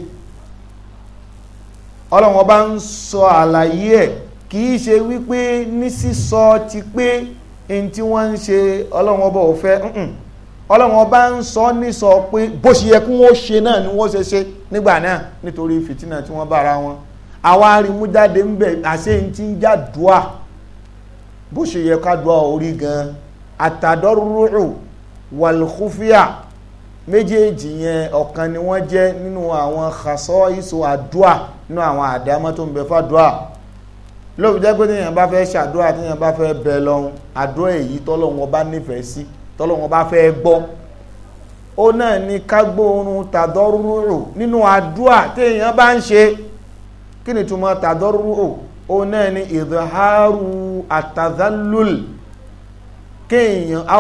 ọlọ́run ọba ń sọ àlàyé ẹ̀ kì í ṣe wípé ní sísọ ti pé ẹni tí wọ́n ń ṣe ọlọ́run ọba ò fẹ́ ọlọ́run ọba ń sọ ní sọ pé bó ṣe yẹ kí wọ́n ṣe náà ni wọ́n ṣe ṣe nígbà náà nítorí fìtínà tí wọ́n bára wọn àwa arimújáde ń bẹ̀ àṣeyìn tí ń já dùá bó ṣe yẹ ká dùá orí gan àtàdọ́rùrù wàlúkúfíà méjèèjì yẹn ọ̀kan ni wọ́n jẹ́ nínú àwọn xasọ́ ìṣó àdúà nínú àwọn àdámọ́ tó ń bẹ fàdúà lóòótọ́ jẹ́ pé téèyàn bá fẹ́ ṣàdúà téèyàn bá fẹ́ bẹ lọ́hùn àdúà èyí tọ́lọ́hùn ọba nífẹ̀ẹ́ sí tọ́lọ́wọ́n bá fẹ́ gbọ́ ó náà ní kágbóorun tàdọ́rúrò nínú àdúà téèyàn bá ń ṣe kí ni túmọ̀ tàdọ́rúrò ó náà ní ìdhàrú àtàdálùl kéèyàn á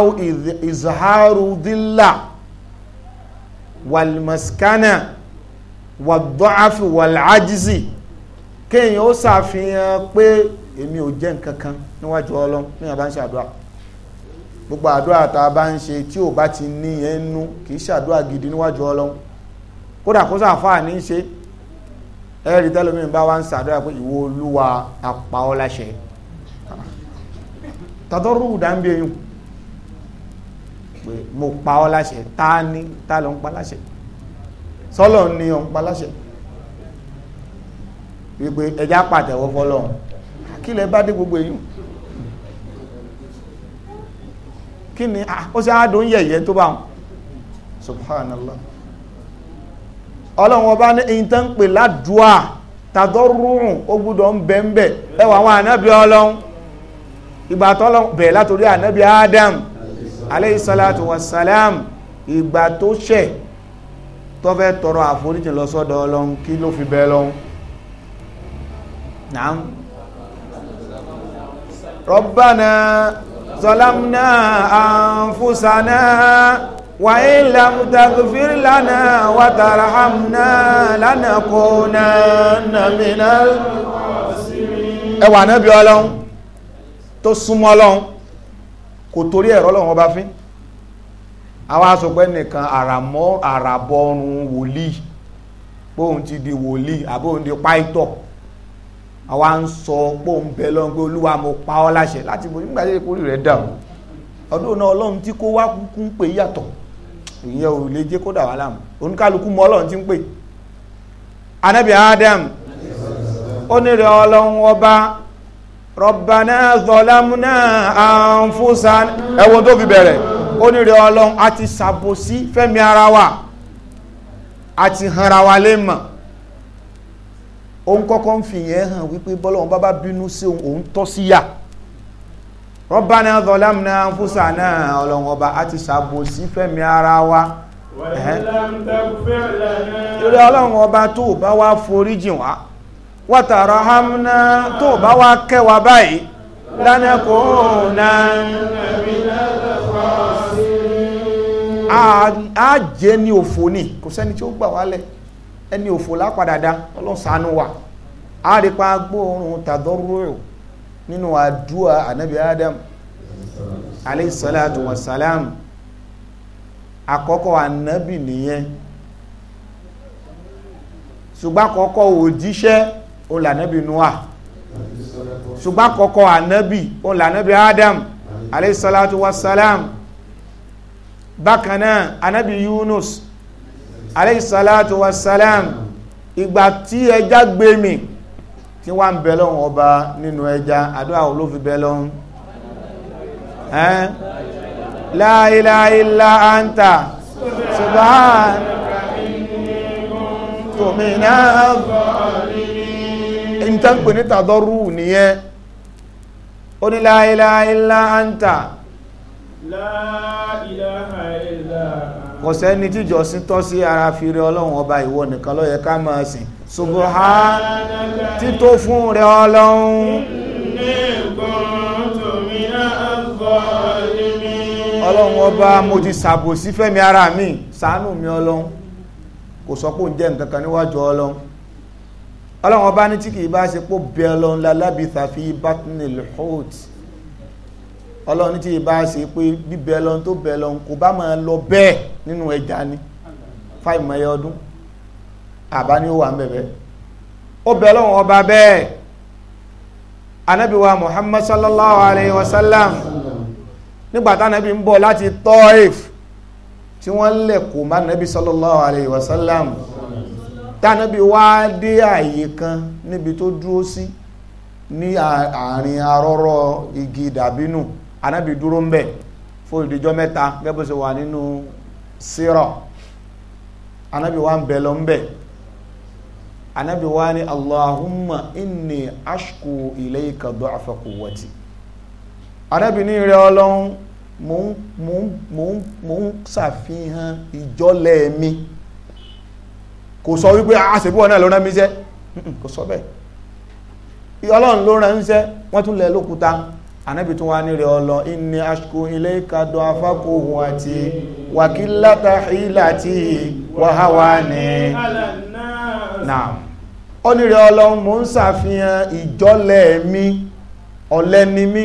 ìdhàrú dílà wàlmàskánà wàdọ́àfì wàlájísì kéèyàn ó ṣàfihàn pé èmi ò jẹ́ nǹkan kan níwájú ọlọ́run ní àbá ń gbogbo àdúrà tá a bá ń ṣe tí ò bá ti ní ẹnu kì í ṣàdúrà gidi níwájú ọlọ́run kódà kó sàfáà ní í ṣe ẹ̀rí tẹ́lómi bá wá ń ṣàdúrà pé ìwọ olúwa àpáọ́láṣẹ tọ́tọ́rù dáńbí eyín pé mo pa ọ́ láṣẹ tá a ní tá a lọ ń pa láṣẹ sọ́lọ̀ ní ọ̀ ń pa láṣẹ wípé ẹja pàtẹ́wọ́ fọlọ́run kí bá dé gbogbo eyín kí ni ó sì àádùn yẹ̀yẹ́ tó bá wọn subhanallah ọlọ́run ọba ní èyí tó ń pè ládùúà tàdọ́rùn ó gbúdọ̀ ń bẹ̀ ń bẹ̀ ẹwà àwọn ànábì ọlọ́run ìgbà tọ́lọ́run bẹ̀rẹ̀ látòrí ànábì Adam alayhi salatu ìgbà tó ṣẹ̀ tó tọrọ àforíjì lọ sọ́dọ̀ ọlọ́run kí ló fi bẹ́ẹ̀ lọ́hún naam rabbana ظلمنا أنفسنا وإن لم تغفر لنا وترحمنا لنكونن من الخاسرين ẹwà náà bí ọlọ́run tó súnmọ́ ọlọ́run kò torí ẹ̀rọ ọlọ́run ọba fín àwọn asòpẹ́ nìkan àràbọ̀rùn wòlíì pé ti di wòlíì àbóhun di páìtọ̀ àwa ń sọ pé òun bẹ lọ́n pé olúwa mo pa ọ́ láṣẹ láti bò nígbà tí ìkórè rẹ̀ dà o ọdún náà ọlọ́run tí kó wá kúkú ń pè yàtọ̀ ìyẹn ò lè jẹ́ kó dà wá láàmú oníkálukú mọ ọlọ́run tí ń pè anabi adam ó ọlọ́run ọba rọ̀bàná zọlámúná àǹfúsá ẹ̀wọ̀n tó fi bẹ̀rẹ̀ ó ọlọ́run a ti fẹ́mi ara wa a hanra wa lé mọ̀ òun kọ́kọ́ ń fi yẹn hàn wípé bọ́lọ́run bá bá bínú sí òun òun tọ́ sí yà rọ́bánà zọlámùnà fúsànà ọlọ́run ọba àti ṣàbòsí fẹ́mi ara wa lórí ọlọ́run ọba tó bá wá foríjì wá wátàrà hamna tó bá wá kẹwà báyìí lánàkóònà a jẹ́ ní òfò ní kò sẹ́ni tí ó gbà wálẹ̀ ẹni òfò lápadà dá ọlọ́sàánú wa àrípa gbóòórùn tàdọ́rùrù nínú àdúà ànábì adam alayhi salatu wa salam àkọ́kọ́ ànábì nìyẹn ṣùgbọ́n àkọ́kọ́ òjíṣẹ́ olànábì noah ṣùgbọ́n àkọ́kọ́ ànábì olànábì adam alayhi salatu wa salam bákan náà ànábì yunus alayhi salatu wassalam ìgbà tí ẹja gbé mi tí wọ́n ń bẹ lọ́hùn ọba nínú ẹja àdúrà wo ló fi bẹ lọ́hùn la ilaha illa anta subhanaka kuntu minaz nìyẹn ó ní la ilaha illa anta kò sẹ́ni tíjọ sí tọ́ sí ara fi rẹ ọlọ́run ọba ìwọ nìkan ló ká máa sìn ṣubuhá tító fún rẹ ọlọ́run. ọlọ́run ọba mo ti ṣàbòsí fẹ́mi ara mi ṣàánú mi ọlọ́run kò sọ pé òun jẹ́ nǹkan kan níwájú ọlọ́run ọlọ́run ọba ní tí kì í bá ṣe pé bẹ́ẹ̀ ọlọ́run lálábìtà fi bátínì lùhóòtì ọlọ́run tí ìbá ṣe pé bíbẹ lọ tó bẹ lọ kò bá máa lọ bẹ́ẹ̀ nínú ẹja ni fáìmọye ọdún àbá ni ó wà ń bẹ̀bẹ̀ ó bẹ lọ́wọ́ ọba bẹ́ẹ̀ anábìwa Muhammad sallallahu alayhi wa sallam nígbà tánábì ń bọ̀ láti Taif tí wọ́n lẹ̀ kó má nábì sallallahu alayhi wa sallam tánábì wá dé àyè kan níbi tó dúró sí ní àárín arọ́rọ́ igi dàbínù. anabi dúró ń fo fún ìdíjọ́ mẹ́ta gẹ́gẹ́ sọ wà nínú sírọ̀ anabi wa ń bẹ̀ lọ ń anabi wa ni allahumma inni ashku ilayka anabi ní ìrẹ́ ọlọ́run mò ń mò ń mi kò sọ wípé àṣẹbúwọ̀ ah, náà ló rán mi iṣẹ́ kò sọ ọlọ́run anabi tún wá nílẹ̀ ọlọ inni ashku ilayka du'afa quwwati wa qillata hilati wa hawani naam ó nílẹ̀ ọlọ mò ń ṣàfihàn ìjọ́lẹ̀ mi ọ̀lẹ ni mí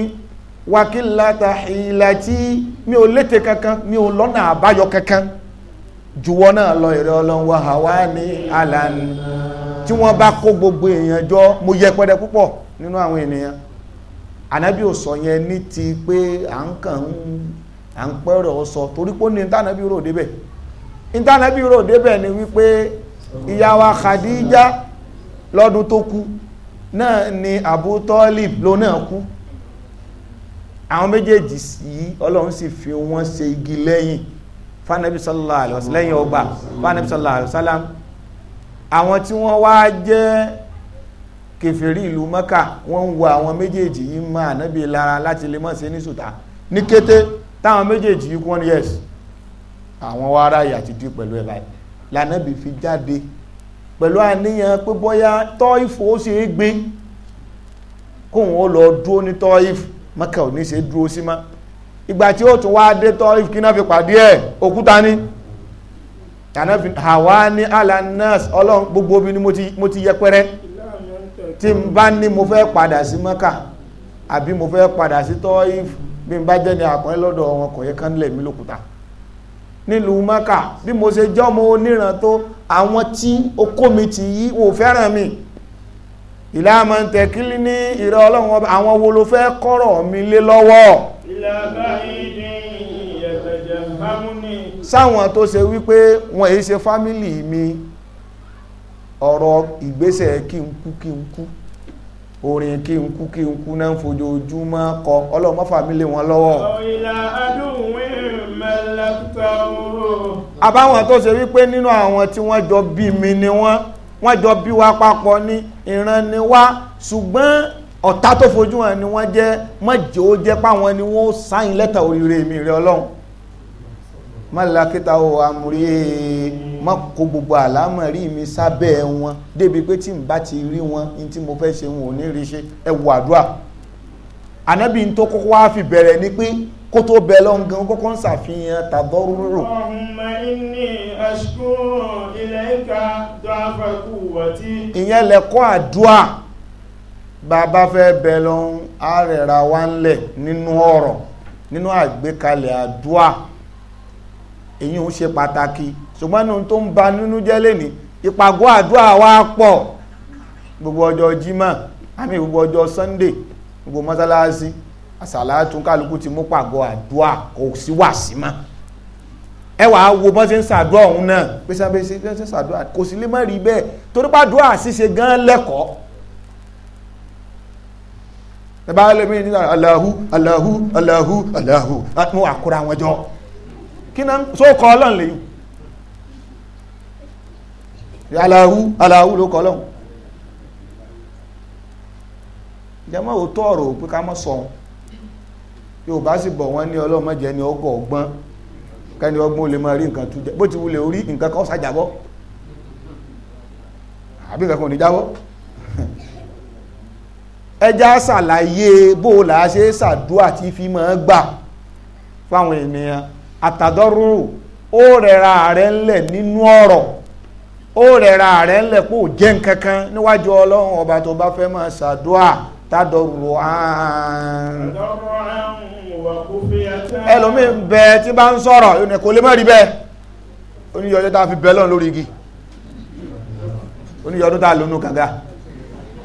wa qillata hilati mi ò létè kankan mi ò lọ́nà àbáyọ kankan juwọ́ náà lọ ìrẹ́ ọlọ́run wa hawani alani tí wọ́n bá kó gbogbo èèyàn jọ mo yẹpẹrẹ púpọ̀ nínú àwọn ènìyàn ànábì ò sọ yẹn ní ti pé à ń kàn ń à ń pẹ́rọ sọ torí pé ó ní ìtànàbí rò débẹ̀ ìtànàbí rò débẹ̀ ni wípé ìyá wa Khadija lọ́dún tó kú náà ni Abu Talib ló náà kú àwọn méjèèjì yìí ọlọ́run sì fi wọ́n ṣe igi lẹ́yìn fanabi sallallahu alaihi wasallam lẹ́yìn ọgbà fanabi sallallahu alaihi wasallam àwọn tí wọ́n wá jẹ́ kèfèrí ìlú mọ́kà wọ́n ń wo àwọn méjèèjì yìí mọ́ ànábì lára láti lè mọ́ ṣe ní sùtà ní kété táwọn méjèèjì yìí kún yes àwọn wá ara yà di pẹ̀lú ẹ̀ báyìí lànàbì fi jáde pẹ̀lú àníyàn pé bóyá tọ́ìfù ó ṣe é gbé kóun ó lọ dúró ní tọ́ìfù mọ́kà ò ní ṣe dúró sí mọ́ ìgbà tí ó tún wá dé tọ́ìfù kí náà fi pàdé ẹ̀ òkúta ni àwa ní alanas ọlọ́run gbogbo obìnrin mo ti yẹpẹrẹ tí n bá ní mo fẹ́ padà sí mọ́kà àbí mo fẹ́ padà sí tọ́ìf bí n bá jẹ́ ní àpọ́nlé lọ́dọ̀ wọn kò yẹ kán lẹ̀ mí lókùúta nílùú mọ́kà bí mo ṣe jọ́mọ oníran tó àwọn tí okó mi ti yí wò fẹ́ràn mi ìlà àmọ́ ń tẹ̀kílí ní ìrọ̀ ọlọ́run àwọn wo ló fẹ́ kọ́rọ̀ mi lé lọ́wọ́ sáwọn tó ṣe wípé wọn èyí ṣe fámìlì mi ọ̀rọ̀ ìgbésẹ̀ kí n kú kí n kú orin kí n kú kí n kú náà ń fojoojúmọ́ kọ ọlọ́run mọ́fà mi lé wọn lọ́wọ́. àbáwọn tó ṣe wípé nínú àwọn tí wọ́n jọ bí mi ni wọ́n wọ́n jọ bí wa papọ̀ ní ìran ni wá ṣùgbọ́n ọ̀tá tó fojú hàn ni wọ́n jẹ́ mọ́jẹ́ ó jẹ́ páwọn ni wọ́n sáyìn lẹ́tà oríire mi rẹ ọlọ́run má lákítà ó amúrí má kó gbogbo àlámọ̀rí mi sábẹ́ wọn débi pé tí n bá ti rí wọn ní tí mo fẹ́ ṣe wọn ò ní rí ṣe ẹ wò àdúrà ànábì tó kọ́kọ́ wá fi bẹ̀rẹ̀ ni pé kó tó bẹ lọ́n kọ́kọ́ ń ṣàfihàn tàbọ́rúrò. Allahumma inni ashku ilayka du'afa quwwati. ìyẹn lẹ́kọ́ àdúà bàbá fẹ́ bẹ lọ́n àrẹ̀ra wa ńlẹ̀ nínú ọ̀rọ̀ nínú àgbékalẹ̀ àdúà èyí ń ṣe pàtàkì ṣùgbọ́n nínú tó ń ba nínú jẹ́ lẹ́ni ìpàgọ́ àdúrà wa pọ̀ gbogbo ọjọ́ Jímọ̀ àmì gbogbo ọjọ́ Sunday gbogbo mọ́sálásí àsàlátún kálukú ti mú pàgọ́ àdúrà kò sí wà sí mọ́ ẹ wàá wo bọ́n ṣe ń ṣàdúrà ọ̀hún náà pé sábẹ́ ṣe bọ́n ṣe ń ṣàdúrà kò sí lè má rí bẹ́ẹ̀ torí pàdúrà ṣíṣe gan lẹ́kọ̀ọ́ ẹ bá lè mí nígbà Allahu Allahu Allahu Allahu àtúnwà kóra wọn jọ kí náà só kọ ọlọ́run lèyìn aláhú aláhú ló kọ ọlọ́run jẹmọ́ òótọ́ ọ̀rọ̀ pé ká mọ́ sọ̀hún yóò bá sì bọ̀ wọ́n ní ọlọ́run mọ́jẹ ní ọgọ́ ọgbọ́n kẹ́ni ọgbọ́n ó lè máa rí nǹkan tó jẹ bó ti wulẹ̀ orí nǹkan kan ṣàjàbọ́ àbí nǹkan kan ò ní jábọ́ ẹja ṣàlàyé bó la ṣe ṣàdúà tí fi máa gbà fáwọn ènìyàn àtàdọ́rùn ó rẹra rẹ̀ ńlẹ̀ nínú ọ̀rọ̀ ó rẹra rẹ̀ ńlẹ̀ kó jẹ́ nkankan níwájú ọlọ́run ọba tó bá fẹ́ máa ṣàdúà tàdọ̀rù ààrùn ẹlòmíì bẹ tí bá ń sọ̀rọ̀ kò lè mọ́ rí bẹ́ẹ̀ oníyọjọ́ tá a fi bẹ́ẹ̀ lọ́n lórí igi oníyọdún tá a lónú kàga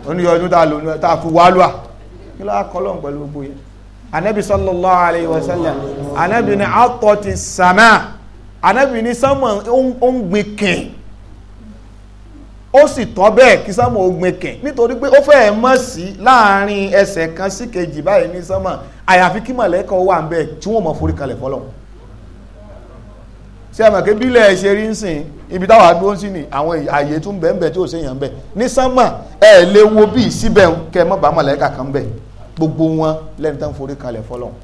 oníyọdún tá a lónú tá fi wálúà kí ló kọ́ lọ́n pẹ̀lú gbogbo yẹn anabi sallallahu alayhi wa sallam anabi ni atọ́ti sàmà anabi ni sàmà ó ń gbin kìn ó sì tọ́ bẹ́ẹ̀ kí sàmà ó gbin kìn nítorí pé ó fẹ́ẹ̀ mọ̀ sí láàrin ẹsẹ̀ kan sí kejì báyìí ní sàmà àyàfi kí mọ̀lẹ́kọ̀ wà ń bẹ̀ tí wọ́n mọ̀ forí kalẹ̀ fọlọ́ ṣé àmọ̀ kí bílẹ̀ ṣe rí ń sìn ibi táwọn adúró sí ni àwọn àyè tún bẹ́ẹ̀ bẹ́ẹ̀ tí ò séèyàn bẹ́ẹ̀ ní sàmà ẹ̀ lè wo bíi síbẹ̀ kẹ́ mọ̀ bá mọ̀lẹ́kà kan bẹ́ẹ̀ gbogbo wọn lẹ́ni tó ń forí kalẹ̀ fọlọ́run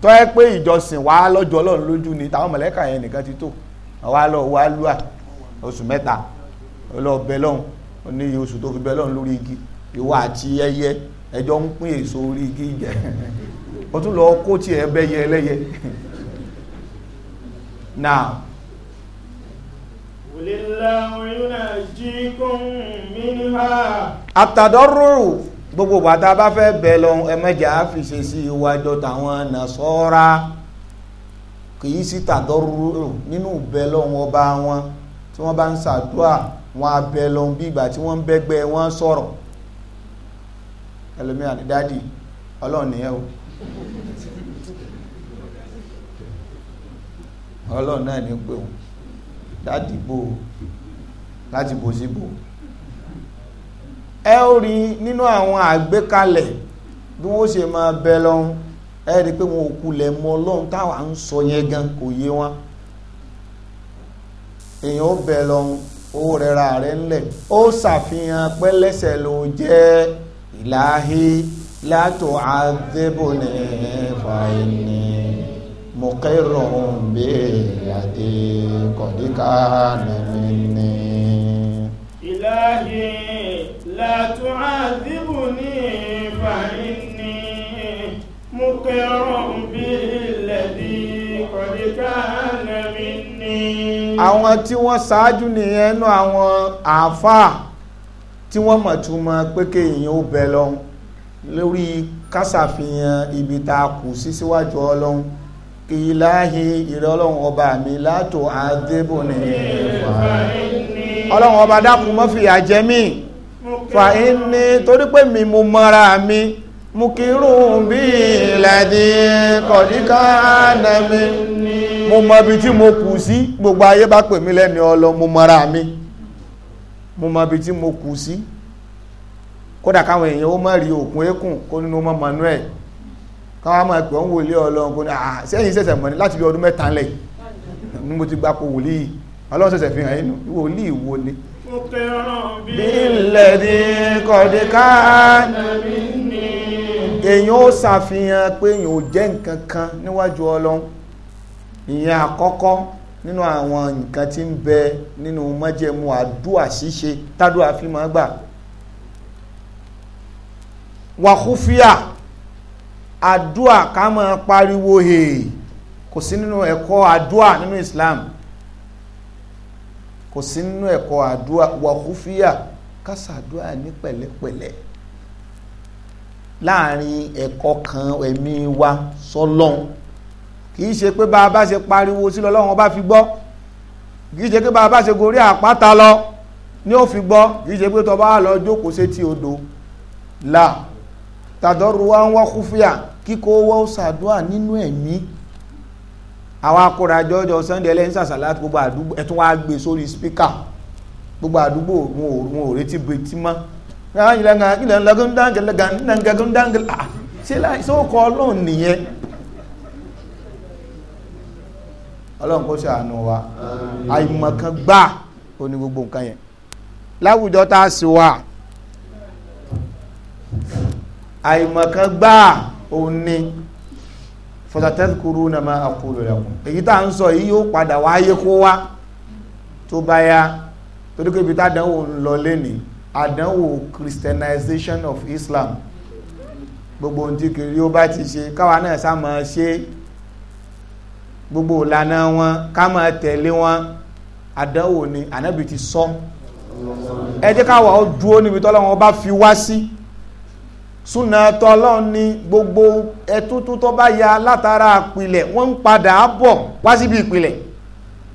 tó yẹ pé ìjọsìn wàá lọ́jọ́ ọlọ́run lójú ni táwọn mọ̀lẹ́kà yẹn nìkan ti tó wàá lọ wàá lúà oṣù mẹ́ta lọ bẹ lọ́hùn ní oṣù tó fi bẹ lọ́hùn lórí igi ìwọ àti ẹyẹ ẹjọ́ ń pín èso orí igi jẹ ó tún lọ kó tiẹ̀ bẹ́yẹ ẹlẹ́yẹ náà. Qulillahu yunajjikum minha. àtàdọ́rùrù gbogbo bàtà bá fẹ́ bẹ̀ lọ ẹ̀mẹ́jà àfìṣe sí iwájọ tàwọn nàṣọ́ra kì í sí tàdọ́rù nínú bẹ̀ lọ́wọ́ ọba wọn tí wọ́n bá ń ṣàdúrà wọn abẹ lọ́n bí ìgbà tí wọ́n ń bẹ́gbẹ́ wọn sọ̀rọ̀ ẹlòmíràn ní dádì ọlọ́ọ̀ni ẹ o ọlọ́ọ̀ náà ní pé o dádì bò láti bò sí bò. ẹ ó rí nínú àwọn àgbékalẹ̀ bí wọ́n ṣe máa bẹ lọ́hún ẹ rí pé wọn ò kulẹ̀ mọ ọlọ́run táwa ń sọ yẹn gan kò yé wọn èèyàn ó bẹ lọ́hún ó rẹra rẹ ńlẹ̀ ó ṣàfihàn pẹ́lẹ́sẹ̀ ló jẹ́ ìlàhí látò ni. ìlàhí. لا تعذبني فإني مقر بالذي قد كان مني àwọn tí wọ́n ṣáájú nìyẹn nú àwọn àáfàá tí wọ́n mọ̀ túmọ̀ pé kéèyàn ó bẹ lọ́hùn lórí kásàfihàn ibi tá a kù sí síwájú ọlọ́hun kì í láàyè ìrẹ́ ọlọ́hun ọba mi látò àdébò nìyẹn ọba dákun mọ́ fìyà jẹ fa inni torí pé mi mo mọ́ra mi mú kí rùn bí ìlàdí kọ̀díkà nàmi mo mọ ibi tí mo kù sí gbogbo ayé bá pè mí lẹ́ni ọlọ mo mọ́ra mi mo mọ ibi tí mo kù sí kódà káwọn èèyàn ó mọ̀ rí òkun eékùn kó nínú mọ́ manuel káwọn máa pè ọ́n wòlé ọlọ́run kó ní àà ah, sẹ́yìn ṣẹ̀ṣẹ̀ mọ̀ ní láti ọdún mẹ́ta lẹ̀ ní mo ti gbapò wòlíì ọlọ́run ṣẹ̀ṣẹ̀ fi hàn yín nù wòlíì bílẹ̀dì kọ̀díká èyàn ó ṣàfihàn pé èyàn ò jẹ́ nǹkan kan níwájú ọlọ́run ìyẹn àkọ́kọ́ nínú àwọn nǹkan tí ń bẹ nínú májẹ̀mú àdúà ṣíṣe tádùà fi máa gbà wàhúfíà àdúà ká máa pariwo hèè kò sí nínú ẹ̀kọ́ àdúà nínú Islam kò sí nínú ẹ̀kọ́ àdúrà wàhúfíà kásàdúrà ní pẹ̀lẹ́pẹ̀lẹ́ láàrin ẹ̀kọ́ kan ẹ̀mí wa sọlọ́n kì í ṣe pé bá a bá ṣe pariwo sí lọ́lọ́run bá fi gbọ́ kì í ṣe pé bá a bá ṣe gorí àpáta lọ ní ó fi gbọ́ kì í ṣe pé tọba lọ jókòó sí ti odò là tàdọ́rù wa ń wá kúfíà kíkó wọ́n ṣàdúrà nínú ẹ̀mí. E àwọn akórajọ ọjọ́ sunday ẹlẹ́yìn sàṣàlá gbogbo àdúgbò ẹ̀tún wá gbé sórí spíkà gbogbo àdúgbò wọn ò retí betí mọ́ ọlọ́run kó ṣàánú wa àìmọ̀kan gbà ó ní gbogbo nǹkan yẹn láwùjọ tá a sì wà àìmọ̀kan gbà ó ní fọ́sàtẹ́kùrú na máa àkúlò lẹ́kùn èyí tá ń sọ yìí yóò padà wáyé kó wá tó bá yá torí pé ibi tá àdánwò ń lọ lẹ́ni àdánwò christianization of Islam gbogbo ohun tí kiri ó bá ti ṣe káwa náà sá máa ṣe gbogbo ìlànà wọn ká máa tẹ̀lé wọn àdánwò ni ànábì ti sọ ẹ jẹ́ káwa ó dúró níbi tọ́lọ́wọ́n bá fi wá sí. Si súnà tọ́lọ́n ní gbogbo ẹtútú tó bá ya látara ìpìlẹ̀ wọ́n ń padà bọ̀ wá síbi ìpìlẹ̀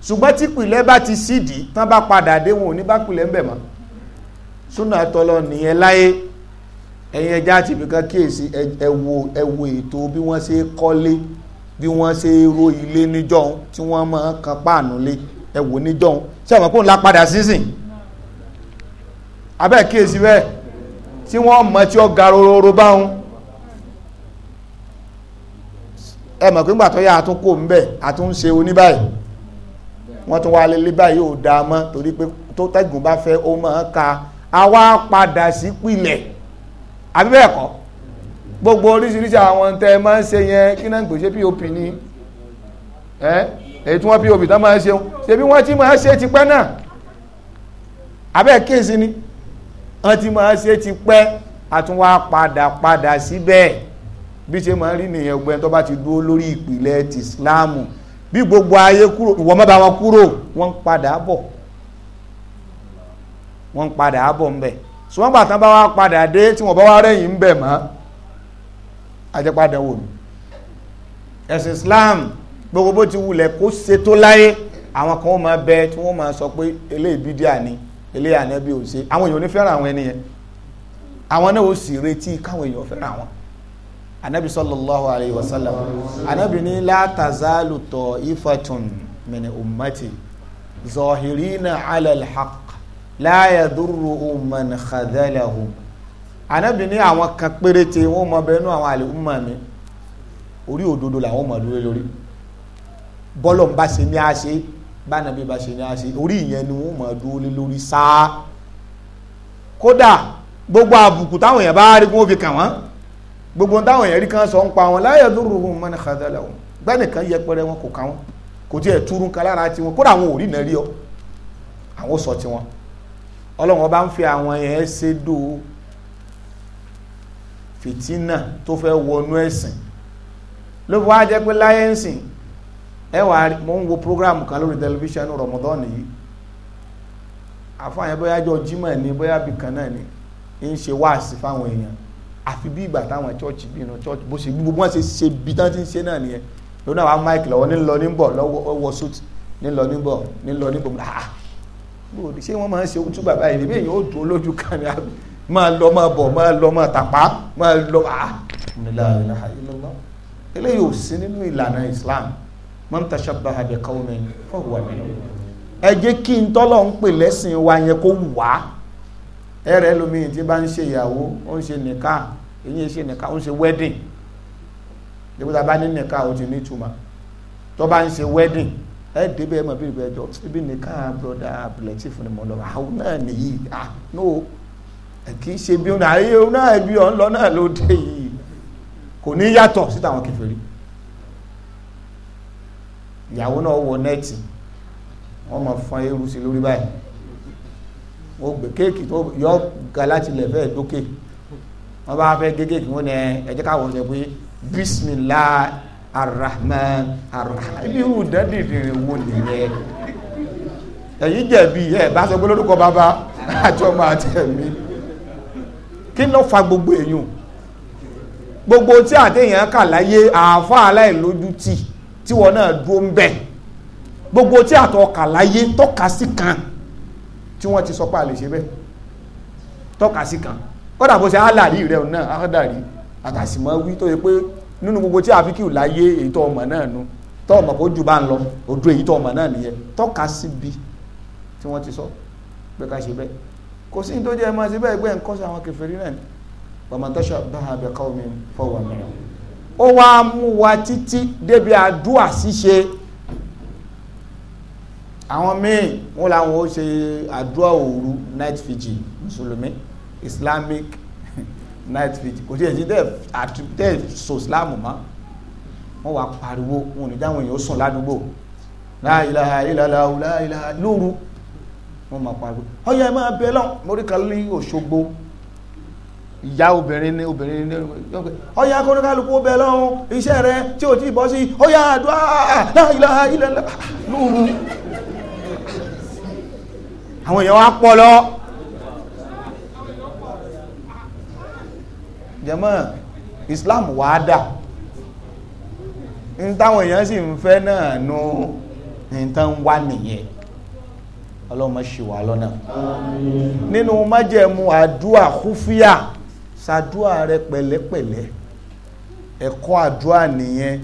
ṣùgbọ́n tí ìpìlẹ̀ bá ti sídìí tán bá padà dé wọn ò ní bá ìpìlẹ̀ ń bẹ̀ mọ́ súnà tọ́lọ́n nìyẹn láyé ẹ̀yin ẹja àti ibìkan kíyèsí ẹwo ẹwo ètò bí wọ́n ṣe kọ́lé bí wọ́n ṣe ro ilé níjọ́un tí wọ́n máa kan páànù lé ẹwo níjọ́un ṣé àwọn pòun la padà sísìn abẹ́ kíyèsí bẹ́ẹ̀ tí wọ́n mọ̀ tí ó ga rororo báwọn ẹ mọ̀ pé ńgbà tó yá àtún kò ń bẹ̀ àtún ṣe oníbàyí wọ́n tún wá lélé báyìí ò dáa mọ́ torí pé tó tẹ́gùn bá fẹ́ ó mọ̀ ọ́n ka àwa padà sí pilẹ̀ àbí bẹ́ẹ̀ kọ́ gbogbo oríṣiríṣi àwọn tẹ́ ẹ máa ń ṣe yẹn kí náà ń gbèsè pop ni ẹ èyí tí wọ́n pop tán máa ń ṣe ṣe bí wọ́n ti máa ṣe tipẹ́ náà abẹ́ ni wọ́n ti máa ṣe ti pẹ́ àtúnwá padà padà síbẹ̀ bí ṣe máa ń rí nìyẹn gbẹ́ tó bá ti dúró lórí ìpìlẹ̀ ti Ìsìláàmù bí gbogbo ayé kúrò ìwọ má bá wọn kúrò wọ́n ń padà bọ̀ wọ́n padà bọ̀ ń bẹ̀ ṣùgbọ́n gbàtán bá wá padà dé tí wọ́n bá wá rẹ̀yìn ń bẹ̀ mọ́ ajẹ́padà wò ní ẹ̀sìn Islam gbogbo bó ti wulẹ̀ kó ṣe tó láyé àwọn kan ó máa bẹ tí wọ́n máa sọ pé eléyìí bídíà ni ilé ànábì ò ṣe àwọn èèyàn ò ní fẹ́ràn àwọn ẹni yẹn àwọn náà ó sì retí káwọn èèyàn fẹ́ràn àwọn ànábì sallallahu alayhi wa sallam ànábì ní la tazalu ta'ifatun min ummati zahirina ala al-haq la yadurruhum man khadhalahum ànábì ní àwọn kan péréte wọn mọ bẹnu àwọn àlùmọ̀ mi orí òdodo làwọn mọ̀ lórí lórí bọ́lọ̀ ń bá ṣe ní àṣẹ báyìí nàbí bá ṣe ní àṣe orí ìyẹn ni wọ́n mọ̀ dúró lé lórí sáá kódà gbogbo àbùkù táwọn èèyàn bá rí kí fi kàn wọ́n gbogbo táwọn èèyàn rí kan sọ ń pa wọn la yadurruhum man khazalahum gbẹ́nìkan yẹpẹrẹ wọn kò ká wọn kò tí ẹ̀ túrú kan lára tiwọn kódà àwọn ò rí náà rí ọ àwọn sọ tiwọn ọlọ́run ọba ń fi àwọn yẹn ṣe dò fìtínà tó fẹ́ wọnú ẹ̀sìn ló fi wá jẹ́ ń sìn ẹ wà mo ń wo program kan lórí tẹlifíṣàn Ramadan yìí àfààyàn bóyá jọ Jímọ̀ ni bóyá bìkan náà ni ń ṣe wáàsí fáwọn èèyàn àfi bí ìgbà táwọn chọ́ọ̀chì bí iná chọ́ọ̀chì bó ṣe bí gbogbo wọn ṣe ṣe bí tán ti ń ṣe náà nìyẹn lónà àwọn máìkì lọ́wọ́ ní lọ ní bọ̀ lọ́wọ́ wọ suit ní lọ ní bọ̀ ní lọ ní bọ̀ ah bòdì ṣé wọ́n máa ń ṣe ojú bàbá yìí níbẹ̀ yìí ó dùn lójú kan ní abẹ́ máa lọ máa bọ̀ máa lọ máa tàpá máa lọ ah eléyìí ò sí nínú ìlànà Islam man tashabbaha bi qawmin fahuwa minhum ẹ jẹ́ kí n tọ́lọ̀ ń pè lẹ́sìn wa yẹn kó wù wá ẹ rẹ̀ lómi tí bá ń ṣe ìyàwó ó ń ṣe nìka èyí ṣe nìka ó ń ṣe wedding nígbà tá a bá ní nìka ó ti ní ìtumọ̀ tó bá ń ṣe wedding ẹ débẹ̀ mọ̀ bí ìgbẹ́jọ́ ibi nìka broda abdulatif ni mo lọ àwọn náà nìyí ah no kì í ṣe bí ọ̀nà ayé ọ̀nà ẹbí ọ̀nlọ́ náà ló dé yìí kò ní yàtọ̀ síta ìyàwó náà wọ nẹ́ẹ̀tì wọ́n máa fọn eérú sí lórí báyìí wọ́n gbé kéèkì tó yọ ga láti ilẹ̀ fẹ́ẹ̀ dókè wọ́n bá fẹ́ gé kéèkì wọn ni ẹ jẹ́ ṣe pé bismillah arrahman arrahman ibi irú dẹ́dìdìrì wo nìyẹn ẹ̀yin jẹ̀bi ẹ̀ bá sọ pé lórúkọ bàbá àti ọmọ àti ẹ̀mí kí ló fa gbogbo èèyàn gbogbo tí àtẹ̀yìn kà láyé àáfàá aláìlójútì tí wọn náà dúró ń bẹ gbogbo tí àtọkà láyé tọ́ka sí kan tí wọ́n ti sọ pé a lè ṣe bẹ́ẹ̀ tọ́ka sí kan kódà bó ṣe alàrí rẹ̀ náà alàrí àtàsìmọ́ wí tó yẹ pé nínú gbogbo tí àfikìú láyé èyí tó ọmọ náà nu tó ọmọ kó jù bá ń lọ odò èyí tó ọmọ náà nìyẹn tọ́ka síbi tí wọ́n ti sọ pé ká ṣe bẹ́ẹ̀ kò sí ní tó jẹ́ ẹ máa ṣe bẹ́ẹ̀ gbẹ́ ń sí àwọn kèfèrí náà pàmò tọ́ṣà bá a bẹ̀ káwọn mi fọwọ́ mìíràn ó wá mú wa títí débi àdúà ṣíṣe àwọn míì wọn làwọn ó ṣe àdúà òru night vigil mùsùlùmí islamic night vigil kò tí ì dẹ àtúntẹ so islam mọ wọn wá pariwo wọn ò ní dáhùn èèyàn sùn ládùúgbò láìláha ìlàlá láìláha lóru wọn máa pariwo ọyọ ẹ máa bẹ lọ mórí kan ní Òṣogbo ìyá obìnrin ní obìnrin ní ọ̀yà kọ́nùkálùkù ó bẹ lọ́hún iṣẹ́ rẹ tí ò tí bọ́ sí ọ̀yà àdúrà láìlà ilẹ̀ lóru àwọn èèyàn wá pọ̀ lọ jẹ́mọ́ Islam wà á dà ní táwọn èèyàn sì ń fẹ́ náà nu nǹkan wà nìyẹn ọlọ́mọ ṣì wà lọ́nà nínú májẹ̀mú àdúà kúfíà ṣàdúà rẹ pẹ̀lẹ́pẹ̀lẹ́ ẹ̀kọ́ àdúà nìyẹn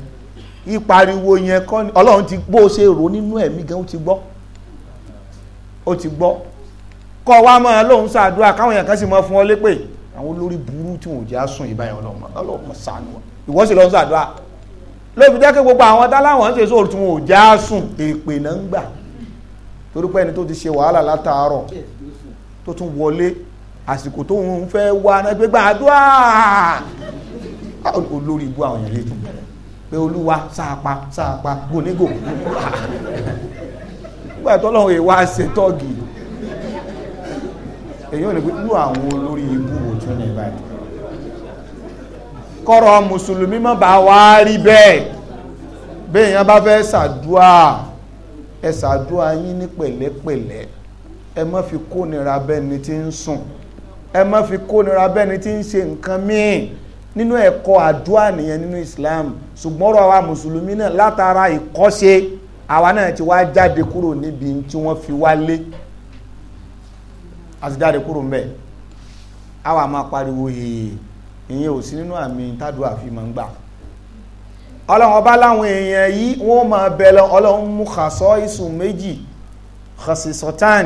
ìpariwo yẹn kọ́ ni ọlọ́run ti bó ṣe rò nínú ẹ̀mí gan ó ti gbọ́ ó ti gbọ́ kọ́ wa máa lóun ṣàdúà káwọn èèyàn kan sì máa fún ọ lépè àwọn olórí burú tí wọn ò jẹ́ àsùn ìbáyọ̀ ọlọ́run ọlọ́run sànù ìwọ sì lọ ń lóbi jẹ́ kí gbogbo àwọn táláwọn ń ṣe sóòrù tí wọn ò já sùn èpè náà ń gbà torí pé ẹni tó ti ṣe wàhálà látàárọ̀ tó tún wọlé àsìkò tó ń fẹ́ wá náà pé gbàdúrà olórí ibú àwọn èèyàn létò pé olúwa sáàpá sáàpá gònígò nígbà tó lọ́wọ́ ìwà ṣe tọ́ọ̀gì èyí ò ní pé irú àwọn olórí ibú wò tún ní ìbàdàn kọ́rọ̀ mùsùlùmí má bá wá rí bẹ́ẹ̀ bẹ́ẹ̀ yẹn bá fẹ́ ṣàdúà ẹ ṣàdúà yín ní pẹ̀lẹ́pẹ̀lẹ́ ẹ má fi kónira bẹ́ni tí ń sùn ẹ má fi kónira bẹ́ni tí ń ṣe nǹkan míì nínú ẹ̀kọ́ àdúrà nìyẹn nínú Islam ṣùgbọ́n ọ̀rọ̀ àwa mùsùlùmí náà látara ìkọ́ṣe àwa náà ti wá jáde kúrò níbi tí wọ́n fi wá lé a ti jáde kúrò mbẹ́ àwa máa pariwo yìí ìyẹn ò sí nínú àmì tádùn àfi máa ń gbà ọlọ́run ọba láwọn èèyàn yìí wọ́n máa bẹ lọ ọlọ́run mú kàṣọ ìsùn méjì kàṣìṣọ́tàn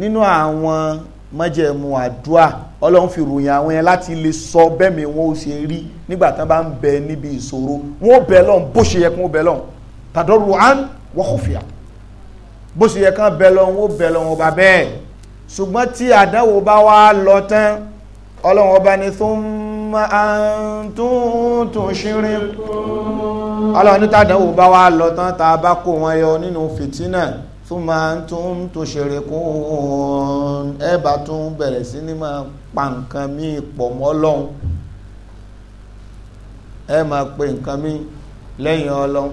nínú àwọn májẹ̀mú àdúà ọlọ́run fi ròyìn àwọn yẹn láti lè sọ bẹ́ẹ̀mí wọn ó ṣe rí nígbà tán bá ń bẹ níbi ìṣòro wọn ó bẹ lọ́n bó ṣe yẹ kó bẹ lọ́n tàdọ́rù án wọ́n kò fìyà bó ṣe yẹ kán bẹ lọ́n ó bẹ lọ́n ọba bẹ́ẹ̀ ṣùgbọ́n tí àdánwò bá wá lọ tán ọlọ́run ọba ni tó ń mọ àtúntún ṣírí ọlọ́run ní tàdánwò bá wá lọ tán tá a bá kó wọn yọ nínú fìtínà thumma antum tushrikun ẹ bá bẹrẹ bẹ̀rẹ̀ sí ní máa pa nǹkan míì pọ̀ mọ́ Ọlọ́hun ẹ máa pe nǹkan míì lẹ́yìn Ọlọ́hun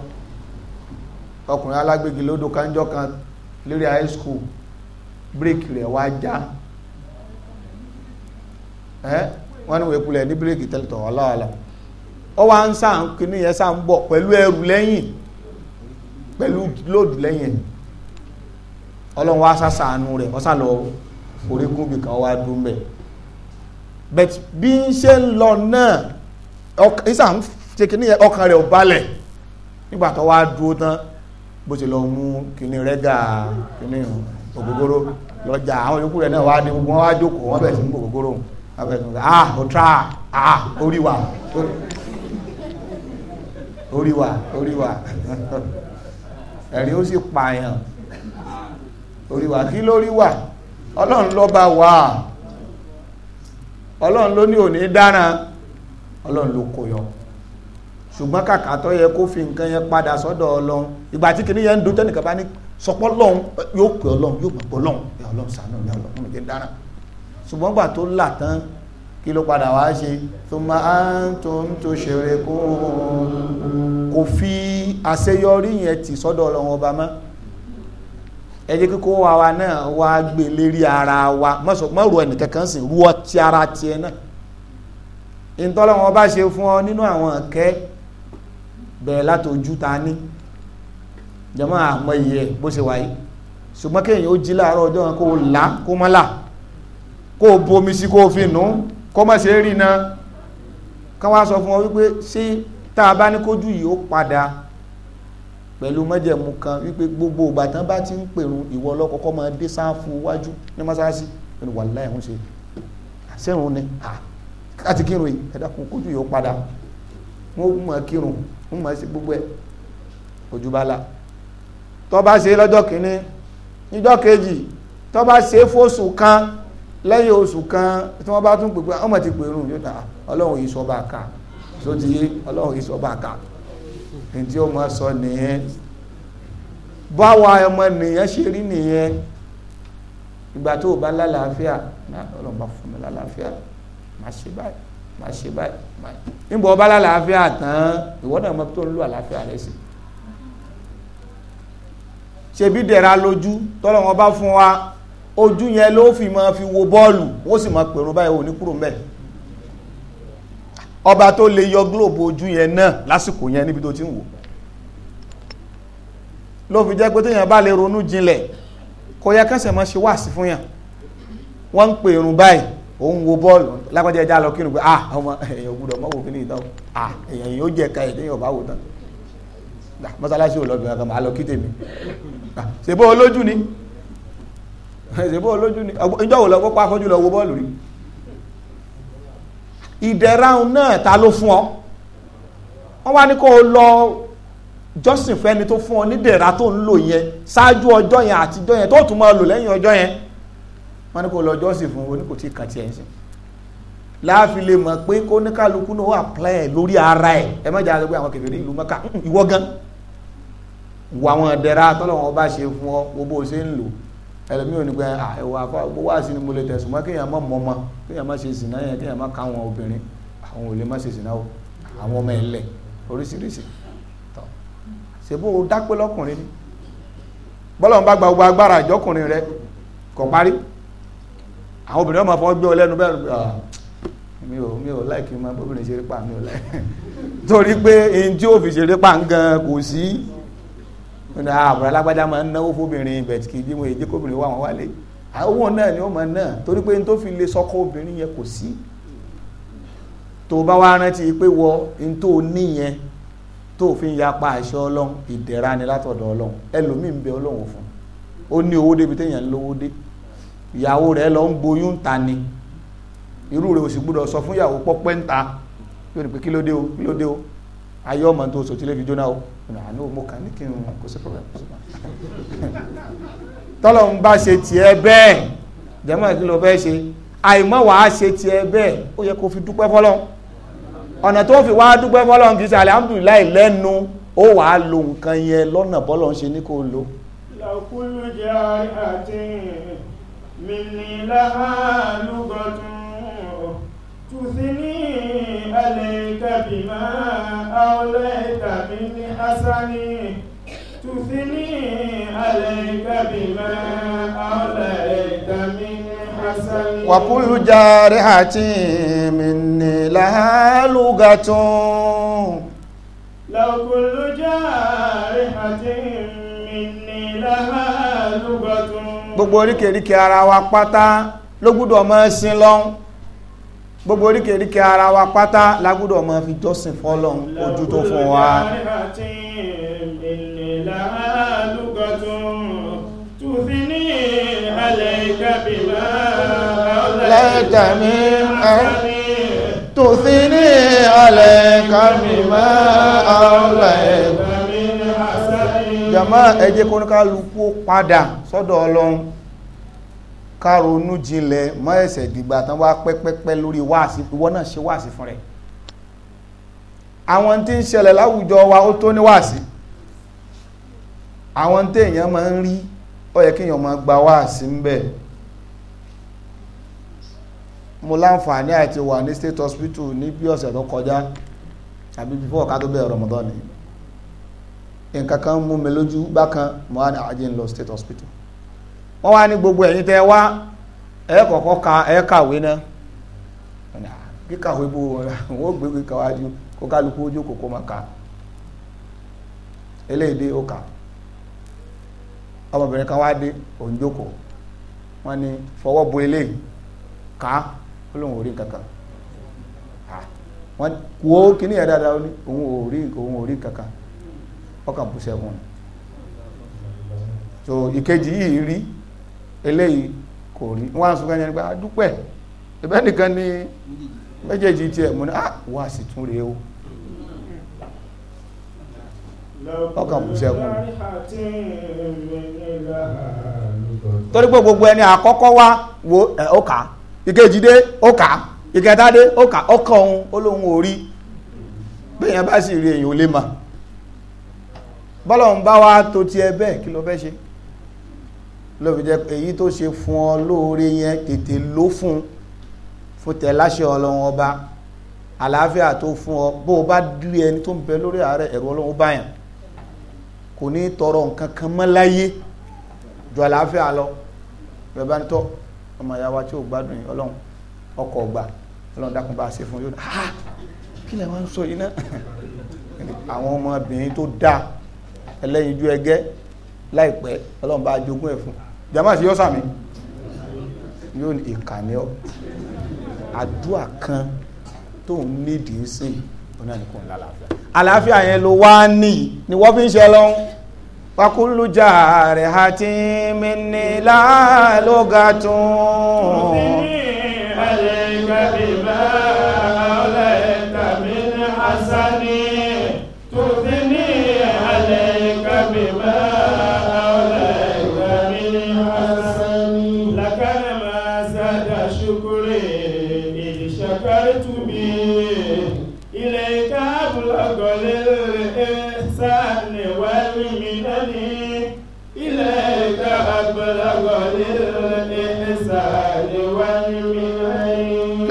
ọkùnrin alágbègbè lódò kánjọ́ kan lórí high school bíréèkì rẹ̀ wa já ẹ wọn ní wẹkulẹ ní bíréèkì tẹlẹtọ ọlọọlọ ó wá ń sàn kínní yẹn sàn ń bọ̀ pẹ̀lú ẹrù ọlọ́run wá sàṣàánú rẹ̀ wọ́n sàlọ oríkún bìkan wá dún bẹ́ẹ̀ bẹ́t bí ń ṣe ń lọ náà ìsà ń ṣe kìíní ọkàn rẹ̀ ò balẹ̀ nígbà tó wá dúró tán bó ṣe lọ mú kìíní rẹ́gà kìíní ògógóró lọ́jà àwọn yòókù rẹ̀ náà wá ní gbogbo wá jókòó wọn bẹ̀rẹ̀ sí ògógóró ah otra ah oríwà oríwà oríwà ẹ̀rí ó sì pààyàn orí wa kí lórí wà ọlọ́run ló bá wà ọlọ́run ló ní òní dáràn ọlọ́run ló kó yọ ṣùgbọ́n kàkà tó yẹ kó fi nǹkan yẹn padà sọ́dọ̀ ọlọ́run ìgbà tí kìíní yẹn ń dún tẹ́nìkan bá ní sọpọ́ lọ́hún yóò pè ọlọ́run yóò pè ọlọ́run ẹ ọlọ́run ṣàánú ẹ ọlọ́run ló jẹ́ dáràn ṣùgbọ́n gbà tó là tán kí ló padà wá ṣe tó máa ń tó ń tó ṣeré kó fi àṣeyọrí yẹn tì sọ́dọ̀ ọlọ́run ọba mọ́ ẹ jẹ́ kíkó wa wa náà wá gbé lérí ara wa mọ̀rọ̀ ẹnìkankan sì rú ọtí ara tiẹ̀ náà ìtọ́lọ́wọ́n bá ṣe fún ọ nínú àwọn ìkẹ́ bẹ̀rẹ̀ látojú ta ní jọmọ́ àmọ́ iye ẹ̀ bó ṣe wáyé ṣùgbọ́n kéèyàn ó jí láàárọ̀ ọjọ́ kan kó là kó má là kó bomi sí kó fi nù kó má ṣe rí na kán sọ fún ọ wípé ṣé tá a bá ní kójú yìí ó padà pẹ̀lú mọ́jẹ̀mú kan wípé gbogbo ìgbà tán bá ti ń pèrun ìwọ ọlọ́kọ̀ọ́kọ́ máa dé sáfù wájú ní mọ́sáàsì ẹni wà láì ń ṣe àṣẹrun ni à láti kírun yìí ẹ̀dá kún kójú yóò padà wọ́n mú ọ kírun wọ́n mú ọ sí gbogbo ẹ̀ ojú bá la tó bá ṣe lọ́jọ́ kìíní níjọ́ kejì tó bá ṣe fóṣù kan lẹ́yìn oṣù kan tí wọ́n bá tún pè pé ọmọ ti pèrun yóò dà ọlọ́run yìí sọ bá a kà sóti ọlọ́run yìí sọ bá a kà ní tí ó máa sọ nìyẹn báwa ọmọ nìyẹn ṣe rí nìyẹn ìgbà tó o bá lálàáfíà ọlọ́run bá fún mi lálàáfíà má ṣe báyìí má ṣe báyìí má ṣe báyìí níbo ọba lálàáfíà tán ìwọ náà tó ń lo àlàáfíà rẹ sí ṣebí dẹ̀ra lójú tọ́lọ́run bá fún wa ojú yẹn ló fi máa fi wo bọ́ọ̀lù wọ́n sì máa pèrò báyìí òní kúrò mẹ́ẹ̀ ọba tó lè yọ gílòbù ojú yẹn náà lásìkò yẹn níbi tó ti ń wò ló fi jẹ́ pé téèyàn bá lè ronú jinlẹ̀ kò yẹ kẹsẹ̀ mọ́ ṣe wáàsí fún yàn wọ́n ń pè irun báyìí òun wo bọ́ọ̀lù lápẹ́jẹ́ ẹja lọ kírun pé ah ọmọ èèyàn gbúdọ̀ mọ́wò kí ni ìtàn ah èèyàn yóò jẹ́ ẹ̀ka èdè yóò bá wò tán ah, mọ́sálásí ò lọ́bìnrin kan máa lọ kí tèmi ah, ṣèbó olójú ni ṣèbó olójú ni ìjọ wò lọ kó pa afọ́jú lọ wo bọ́ọ̀lù rí ìdẹ̀ra náà ta ló fún ọ wọ́n wá ní kó o lọ jọ́sìn fẹ́ni tó fún ọ nídẹ̀ra tó ń lò yẹn ṣáájú ọjọ́ yẹn àtijọ́ yẹn tó tún máa lò lẹ́yìn ọjọ́ yẹn wọ́n ní kó o lọ jọ́sìn fún ọ ní kò tí ì kàn tiẹ̀ ń sìn láàfin lè mọ̀ pé kó ní kálukú náà wà pẹ́ lórí ara ẹ̀ ẹ má jáde pé àwọn kèfèrí ìlú Mẹ́kà ìwọ gan wà wọn dẹ̀ra tọ́lọ̀ bá ṣe fún ọ gbogbo ṣe ń lò ẹlòmíì ò ní pẹ́ ẹ̀wọ̀ àfọwọ́ wá sí ni mo lè tẹ̀sùn mọ́ kéèyàn mọ́ mọ́ mọ́ kéèyàn má ṣe zìnà yẹn kéèyàn má káwọn obìnrin àwọn ò lè má ṣe zìnà o àwọn ọmọ ẹ̀lẹ̀ oríṣiríṣi tọ́ ṣèbó o dápé lọ́kùnrin ni bọ́lọ̀ ń bá gba gbogbo agbára ìjọkùnrin rẹ kò parí àwọn obìnrin ọmọ fọwọ́ gbé ọ lẹ́nu bẹ́ẹ̀ ah, mi ò mi ò láìkí máa bóbìnrin ṣeré pa mi ò láìkí torí pé ní àbúrò ah, alágbádá máa ń náwó fóbìnrin bẹ̀tì kì í jíwọ̀n èjì kóbìnrin wà wọ́n wálé ah, owó náà ni ó mọ̀ náà torí pé n tó fi lè sọ́kọ́ obìnrin yẹn kò sí tó bá wá rántí pé wọ n tó níyẹn tó fi ń yapa àṣẹ ọlọ́run ìdẹ̀ra ni látọ̀dọ̀ ọlọ́run ẹlòmíì ń bẹ ọlọ́run fún ó ní owó débi téèyàn ń lówó dé ìyàwó rẹ̀ lọ ń gboyún ń ta ni irú rẹ̀ ò sì gbúdọ̀ sọ fún ìyàwó pọ́pẹ́ ń ta yóò ní pé kí o kí o ayé ọmọ tó sòtí lè fi jóná o ọ̀nà àánú mo kàn ní kí n kò sí problem kò sí problem tọ́lọ̀ ń bá ṣe tiẹ̀ bẹ́ẹ̀ jẹ́mọ̀ kí ló fẹ́ ṣe àìmọ́ wàá ṣe tiẹ̀ bẹ́ẹ̀ ó yẹ kó fi dúpẹ́ fọlọ́n ọ̀nà tó fi wá dúpẹ́ fọlọ́n kì í ṣe alihamudulilayi lẹ́nu ó wàá lo nǹkan yẹn lọ́nà bọ́lọ̀ ń ṣe ní kó lo. làkúlù jẹ́ àti mi ní láhàlú gbọ́dún. تثني عليك بما أوليت من حسني تثني عليك بما أوليت من حسني وكل جارحة مني لها لغة لو كل جارحة مني لها لغة gbogbo oríkèríkè ara wa pátá ló gbúdọ̀ máa sin lọ́hùn gbogbo oríkèríkè ara wa pátá lágbúdọ̀ máa fi jọ́sìn fọ́lọ́n ojú tó fún wa lẹ́tàmí tó sí ní alẹ́ kàmìmá àwọ̀lẹ̀ jama ẹjẹ́ kóníkálukú padà sọ́dọ̀ ọlọ́run ká ronú jinlẹ̀ mọ́ ẹ̀sẹ̀ dìgbà tán wá pẹ́pẹ́pẹ́ lórí wáàsí ìwọ náà ṣe wáàsí fún rẹ̀ àwọn tí ń láwùjọ wa ó tó ní wáàsí àwọn tí èèyàn máa ń rí ó yẹ kí èèyàn máa gba wáàsí ń mo láǹfààní àti wà ní state hospital ní bí ọ̀sẹ̀ tó kọjá àbí tó bẹ̀rẹ̀ nǹkan kan mú mi lójú bákan mo wá ní àjẹ́ ń lọ wọ́n wá ní gbogbo ẹ̀yin tẹ́ wá ẹ kọ́kọ́ ka ẹ kàwé náà kíkàwé bó wọ́n gbé kíkàwájú kó kálukú ojú kòkó máa ka eléyìí ó kà ọmọbìnrin kan wá dé òǹjoko wọ́n ní fọwọ́ bo eléyìí ká ó lóun ò rí kankan wọ́n kíní yẹn dáadáa ní òun ò rí òun ò rí kankan ọkàn bù sẹ́gun so ìkejì yìí rí eléyìí kò rí wọ́n á sọ kẹ́yìn nípa dúpẹ́ ẹ̀bẹ́ nìkan ni méjèèjì tiẹ̀ mú ní ah, tún o ọkàn kù sẹ́kùn torí gbogbo ẹni àkọ́kọ́ wá wo ọkà ọkà ìkẹta ọkà ọkàn òun olóhun orí bá sì rí ò lè mà ló fi jẹ́ èyí tó ṣe fún ọ lóore yẹn tètè ló fún fún tẹ̀ láṣẹ ọlọ́run ọba àlàáfíà tó fún ọ bó o bá rí ẹni tó ń bẹ lórí ààrẹ ẹ̀rọ ọlọ́run báyàn kò ní tọrọ nǹkan kan mọ́ láyé ju àlàáfíà lọ bẹ́ẹ̀ bá ń tọ́ ọmọ ìyá wa tí ò gbádùn yìí ọlọ́run ọkọ̀ ọgbà ọlọ́run dákun bá a ṣe fún yóò ha kí lè wá ń sọ yìí náà àwọn ọmọbìnrin tó dáa ẹlẹ́yinjú ẹgẹ́ láìpẹ́ ọlọ́run bá a jogún ẹ̀ fún un jama sí yọ́sàmí yóò ní ìkànnì ọ́ àdúà kan tó ń nídìí sí ọ̀nà nìkan lálàáfíà àlàáfíà yẹn ló wá ní ni wọ́n fi ń ṣe ọlọ́run pakulu jaare hati minni laalugatun.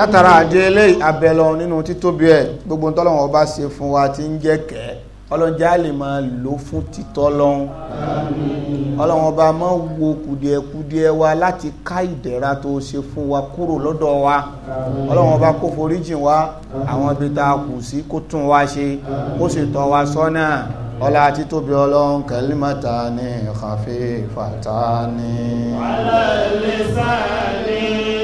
látara àdé eléyìí abẹ́lọ nínú títóbi ẹ̀ gbogbo tọ́lọ́wọ́n ọba ṣe fún wa ti ń jẹ́ kẹ́ ọlọ́njẹ́ á lè máa lò fún títọ́ lọ́hún ọlọ́wọ́n ọba máa wo kùdìẹ̀kùdìẹ̀ wa láti ká ìdẹ̀ra tó ṣe fún wa kúrò lọ́dọ̀ wa ọlọ́wọ́n ọba kó foríjìn wa àwọn ibi tá a kù sí kó tún wa ṣe kó sì tọ́ wa sọ́nà ọlá títóbi ọlọ́run kẹlímọ́ta ní ìkàfẹ́ fàtà ní. wàhálà ìlẹ́sà ní.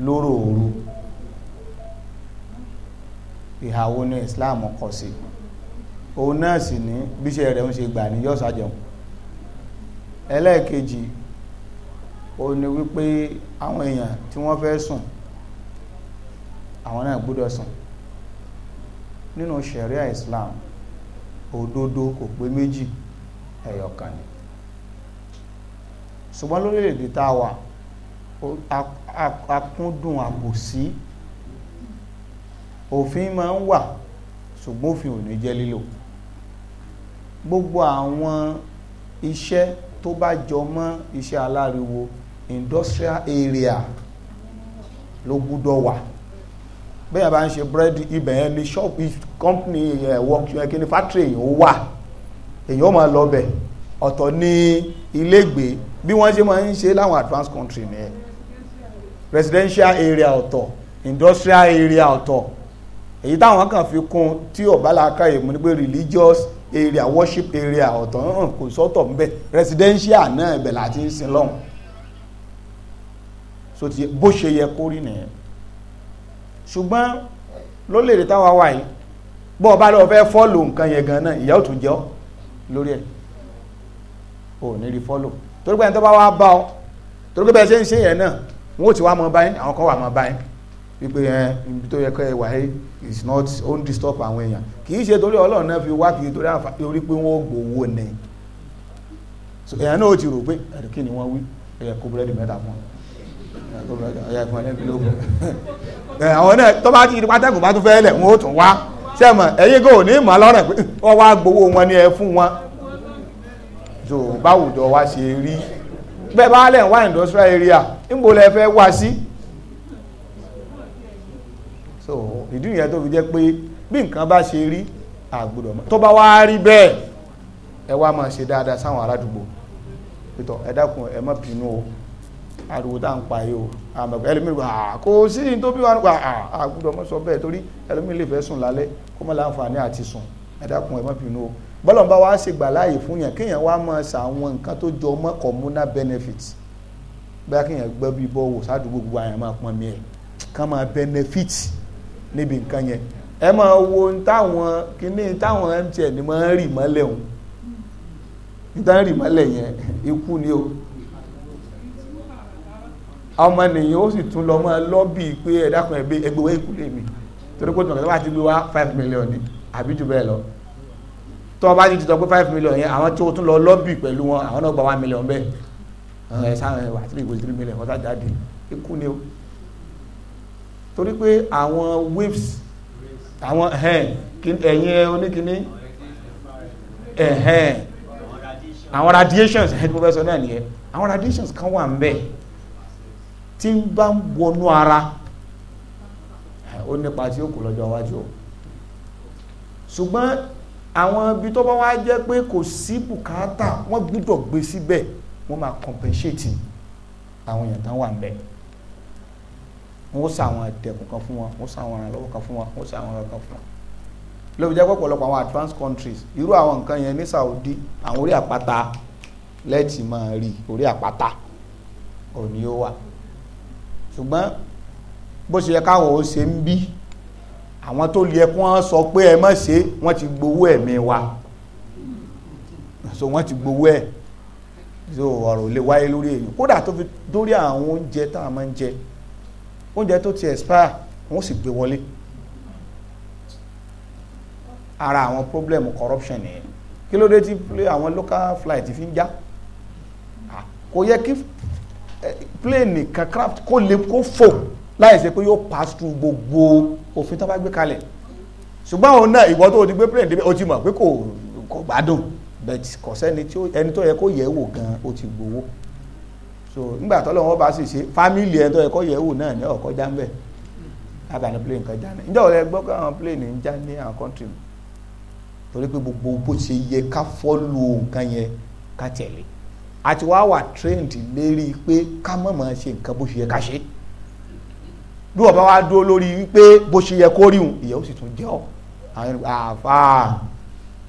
lóró òru ìhàwó ní Islam kọ̀ sí òun náà sì ní bíṣẹ́ rẹ̀ ń ṣe gbà ní yọ́sàjẹun ẹlẹ́ẹ̀kejì ó ní wípé àwọn èèyàn tí wọ́n fẹ́ sùn àwọn náà gbọ́dọ̀ sùn nínú sharia Islam òdodo kò pé méjì ẹyọkan ni ṣùgbọ́n lórílẹ̀-èdè tá a wà akúndùn àbòsí òfin máa ń wà ṣùgbọ́n òfin ò ní jẹ́ lílò gbogbo àwọn iṣẹ́ tó bá jọ mọ́ iṣẹ́ aláriwo industrial area ló gbúdọ̀ wà bẹ́ẹ̀ bá ń ṣe búrẹ́dì ibẹ̀ yẹn ni ṣọ́ọ̀bù company ẹ̀ eh, work eh, kíni factory èyàn wà èyàn máa lọ bẹ̀ ọ̀tọ̀ ní ilégbèé bí wọ́n ṣe máa ń ṣe láwọn advanced country nìyẹn residential area ọ̀tọ̀ industrial area ọ̀tọ̀ èyí táwọn kan fi kún tí ọ̀bá làákà èmú ni pé religious area worship area ọ̀tọ̀ hàn kò sọ́tọ̀ ńbẹ̀ residential náà ibẹ̀ láti ń sin lọ́hùn so ti bó ṣe yẹ kó rí nìyẹn ṣùgbọ́n lólèrè táwa wà yìí bọ́ ọba lọ fẹ́ fọ́lò nǹkan yẹn gan náà ìyá ò tún jẹ́ ọ́ lórí ẹ̀ ò ní rí fọ́lò torí pé ẹni tó bá wá bá ọ torí pé bẹ́ẹ̀ ṣe ń ṣe yẹn náà wọn ò ti wá mọ báyìí àwọn kan wà mọ báyìí wípé ẹ ibi tó yẹ kọ ẹ wà ẹ is not ó ń disturb àwọn èèyàn kì í ṣe torí ọlọ́run náà fi wá kì í torí àǹfààní orí pé wọ́n gbowó ni èèyàn náà ó ti rò pé ẹ̀rọ kí ni wọ́n wí ẹ̀yà kó búrẹ́dì mẹ́ta fún ẹ̀yà fún ẹlẹ́bi lógún àwọn náà tó bá ti di pátákó bá tún fẹ́ lẹ̀ wọ́n ó tún wá sẹ́mọ̀ ẹ̀yìn kò ní ìmọ̀ lọ́rẹ̀ pé wọ́n wá gbowó wọn ni ẹ fún wọn tó báwùjọ wá ṣe rí bẹ́ẹ̀ bá lẹ̀ wá industrial area níbo lẹ fẹ́ wá sí so ìdí nìyẹn tó fi jẹ́ pé bí nǹkan bá ṣe rí àgbọ́dọ̀ mọ́ tó bá wá rí bẹ́ẹ̀ ẹ wá máa ṣe dáadáa sáwọn aládùúgbò pẹ̀tọ̀ ẹ dákun ẹ má bínú o ariwo tá à ń pa yìí o àmọ̀gbẹ́ ẹlòmíràn kò àà kò sí ní tó bí wọn pa àà àgbọ́dọ̀ sọ bẹ́ẹ̀ torí ẹlòmíràn lè fẹ́ sùn lálẹ́ kó má láǹfààní àti sùn ẹ dákun ẹ má bínú o bọ́lọ̀ bá wá ṣègbà láàyè fún yàn kéèyàn wá mọ̀ ṣe àwọn nǹkan tó jọ mọ́ communal benefit bóyá kéèyàn gbẹ́ bí bọ́wọ̀ sádùúgbò gbogbo àyàn máa pọn mi ẹ̀ kán máa benefit níbi nǹkan yẹn ẹ máa wo táwọn kíní táwọn MTN máa ń rì mọ́lẹ̀ òun níta ń rì mọ́lẹ̀ yẹn ikú ni o ọmọnìyàn ó sì tún lọ máa lọ́bì pé ẹ̀dá kan ẹgbẹ́ ẹgbẹ́ wẹ́ẹ́kú lèmi torí pé tọ̀kẹ́tà bá ti gbé wá five million ni àbí jù bẹ́ẹ̀ lọ tó o bá ti dìtọ̀ pé five million yẹn àwọn tó o tún lọ lọ́bì pẹ̀lú wọn àwọn náà gba one million bẹ́ẹ̀ ẹ sáwọn wà three point three million ọ̀tá jáde ikú ni o torí pé àwọn waves àwọn ẹ̀yìn oníkíní àwọn radiations head professor náà nìyẹn àwọn radiations kan wà ń bẹ tí ń bá ń wọnú ara ó nípa tí ó kù lọ́jọ́ iwájú o ṣùgbọ́n àwọn ibi tó bá wá jẹ́ pé kò sí bùkátà wọ́n gbúdọ̀ gbé síbẹ̀ wọ́n máa compensate àwọn èèyàn tán wà ń bẹ̀ wọ́n sá àwọn ẹ̀tẹ̀kùn kan fún wọn wọ́n sá àwọn ìrànlọ́wọ́ kan fún wọn wọ́n sá àwọn ọ̀rọ̀ kan fún wọn lóbi jẹ́ pọ̀pọ̀lọpọ̀ àwọn advanced countries irú àwọn nǹkan yẹn ní Saudi àwọn orí àpáta lẹ́ẹ̀tì máa rí orí àpáta òní ó wà ṣùgbọ́n bó ṣe yẹ káwọn ó ṣe ń bí àwọn tó lè ẹkún wọn sọ pé ẹ má ṣe wọ́n ti gbowó ẹ̀mí wa so wọ́n ti gbowó ẹ̀ so ọ̀rọ̀ lè wáyé lórí èyí kódà tó fi dórí àwọn oúnjẹ tá a máa ń jẹ oúnjẹ tó ti expire wọ́n sì gbé wọlé ara àwọn problem corruption nìyẹn kí ló dé tí àwọn local flight fi ń já kò yẹ kí eh, plane nìkan craft kó lè kó fò láì ṣe pé yóò pass through gbogbo òfin tó bá gbé kalẹ̀ ṣùgbọ́n òun náà ìwọ tó ti gbé plane débẹ̀ o ti mọ̀ pé kò kò gbádùn but kò sẹ́ni tí ẹni tó yẹ kó yẹ̀ wò gan o ti gbowó so nígbà tó lọ́wọ́ bá sì ṣe fámìlì ẹni tó yẹ kó yẹ̀ wò náà ní ọ̀kọ́ já ń bẹ̀ látàní plane kan já ní ìjọba ẹ gbọ́ àwọn plane ń já ní àwọn country torí pé gbogbo bó ṣe yẹ ká fọ́lù nǹkan yẹn ká tẹ̀lé àti wá wà trained lérí pé ká mọ̀mọ́ ṣe nǹkan bó ṣe yẹ ká ṣe é bí wọ́n bá wá dúró lórí wípé bó ṣe yẹ kó ríhun ìyẹ́ ó sì tún jẹ́ ọ́ àwọn àfà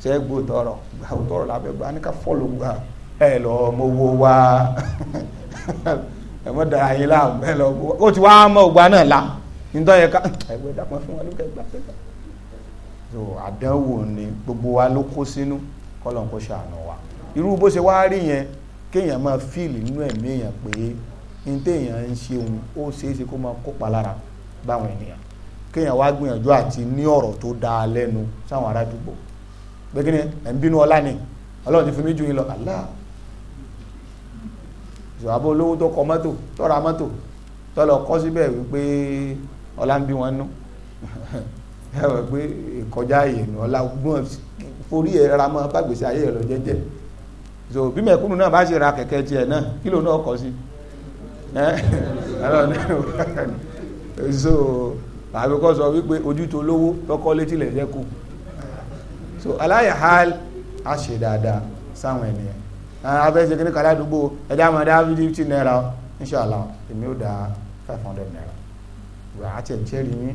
ṣẹ́gbó tọrọ gbàù tọrọ lábẹ́ gbà ní ká fọ́lù gbà ẹ lọ mọ owó wa ẹ̀mọ́ dara yín láàmú ẹ lọ mọ ó ti wá mọ ògbà náà la nítorí yẹ ká ẹgbẹ́ dàpọ̀ fún wa lókè gbà pẹ́ẹ́pẹ́ so àdánwò ni gbogbo wa ló kó sínú kọ́lọ̀ ń kó ṣàánú wa irú bó ṣe wá rí yẹn kéèyàn máa fíìlì nínú ẹ̀mí èèyàn pé ní téèyàn ń ṣe òun ó ṣeéṣe kó máa kópa lára báwọn ènìyàn kéèyàn wá gbìyànjú àti ní ọ̀rọ̀ tó dáa lẹ́nu sáwọn arádùgbò gbẹ́gínní ẹ̀ ń bínú ọlá ni ọlọ́run ti fi mí ju yín lọ àlá ìṣòwò olówó tó kọ mọ́tò tó ra mọ́tò tó lọ kọ́ síbẹ̀ wípé ọlá ń bí wọn nú ẹ wọ pé ìkọjá ìyẹnu ọlá gbọ́n forí ẹ̀ ra mọ́ bá gbèsè ayé ẹ̀ lọ jẹ́jẹ́ so bí náà bá ṣe ra kẹ̀kẹ́ tiẹ̀ náà kílò náà kọ́ sí i Eh? so àbí kọ́ sọ wípé ojú tó lówó lọ́kọ́ létí lẹ̀ jẹ́ kù so aláyàhál á ṣe dáadáa sáwọn ènìyàn afẹ́sẹ̀ kí ní kàlá àdúgbò ẹ̀dá máa dá fifty naira inṣàlá èmi ó dá five hundred naira wà á tiẹ̀ jẹ́rìí ní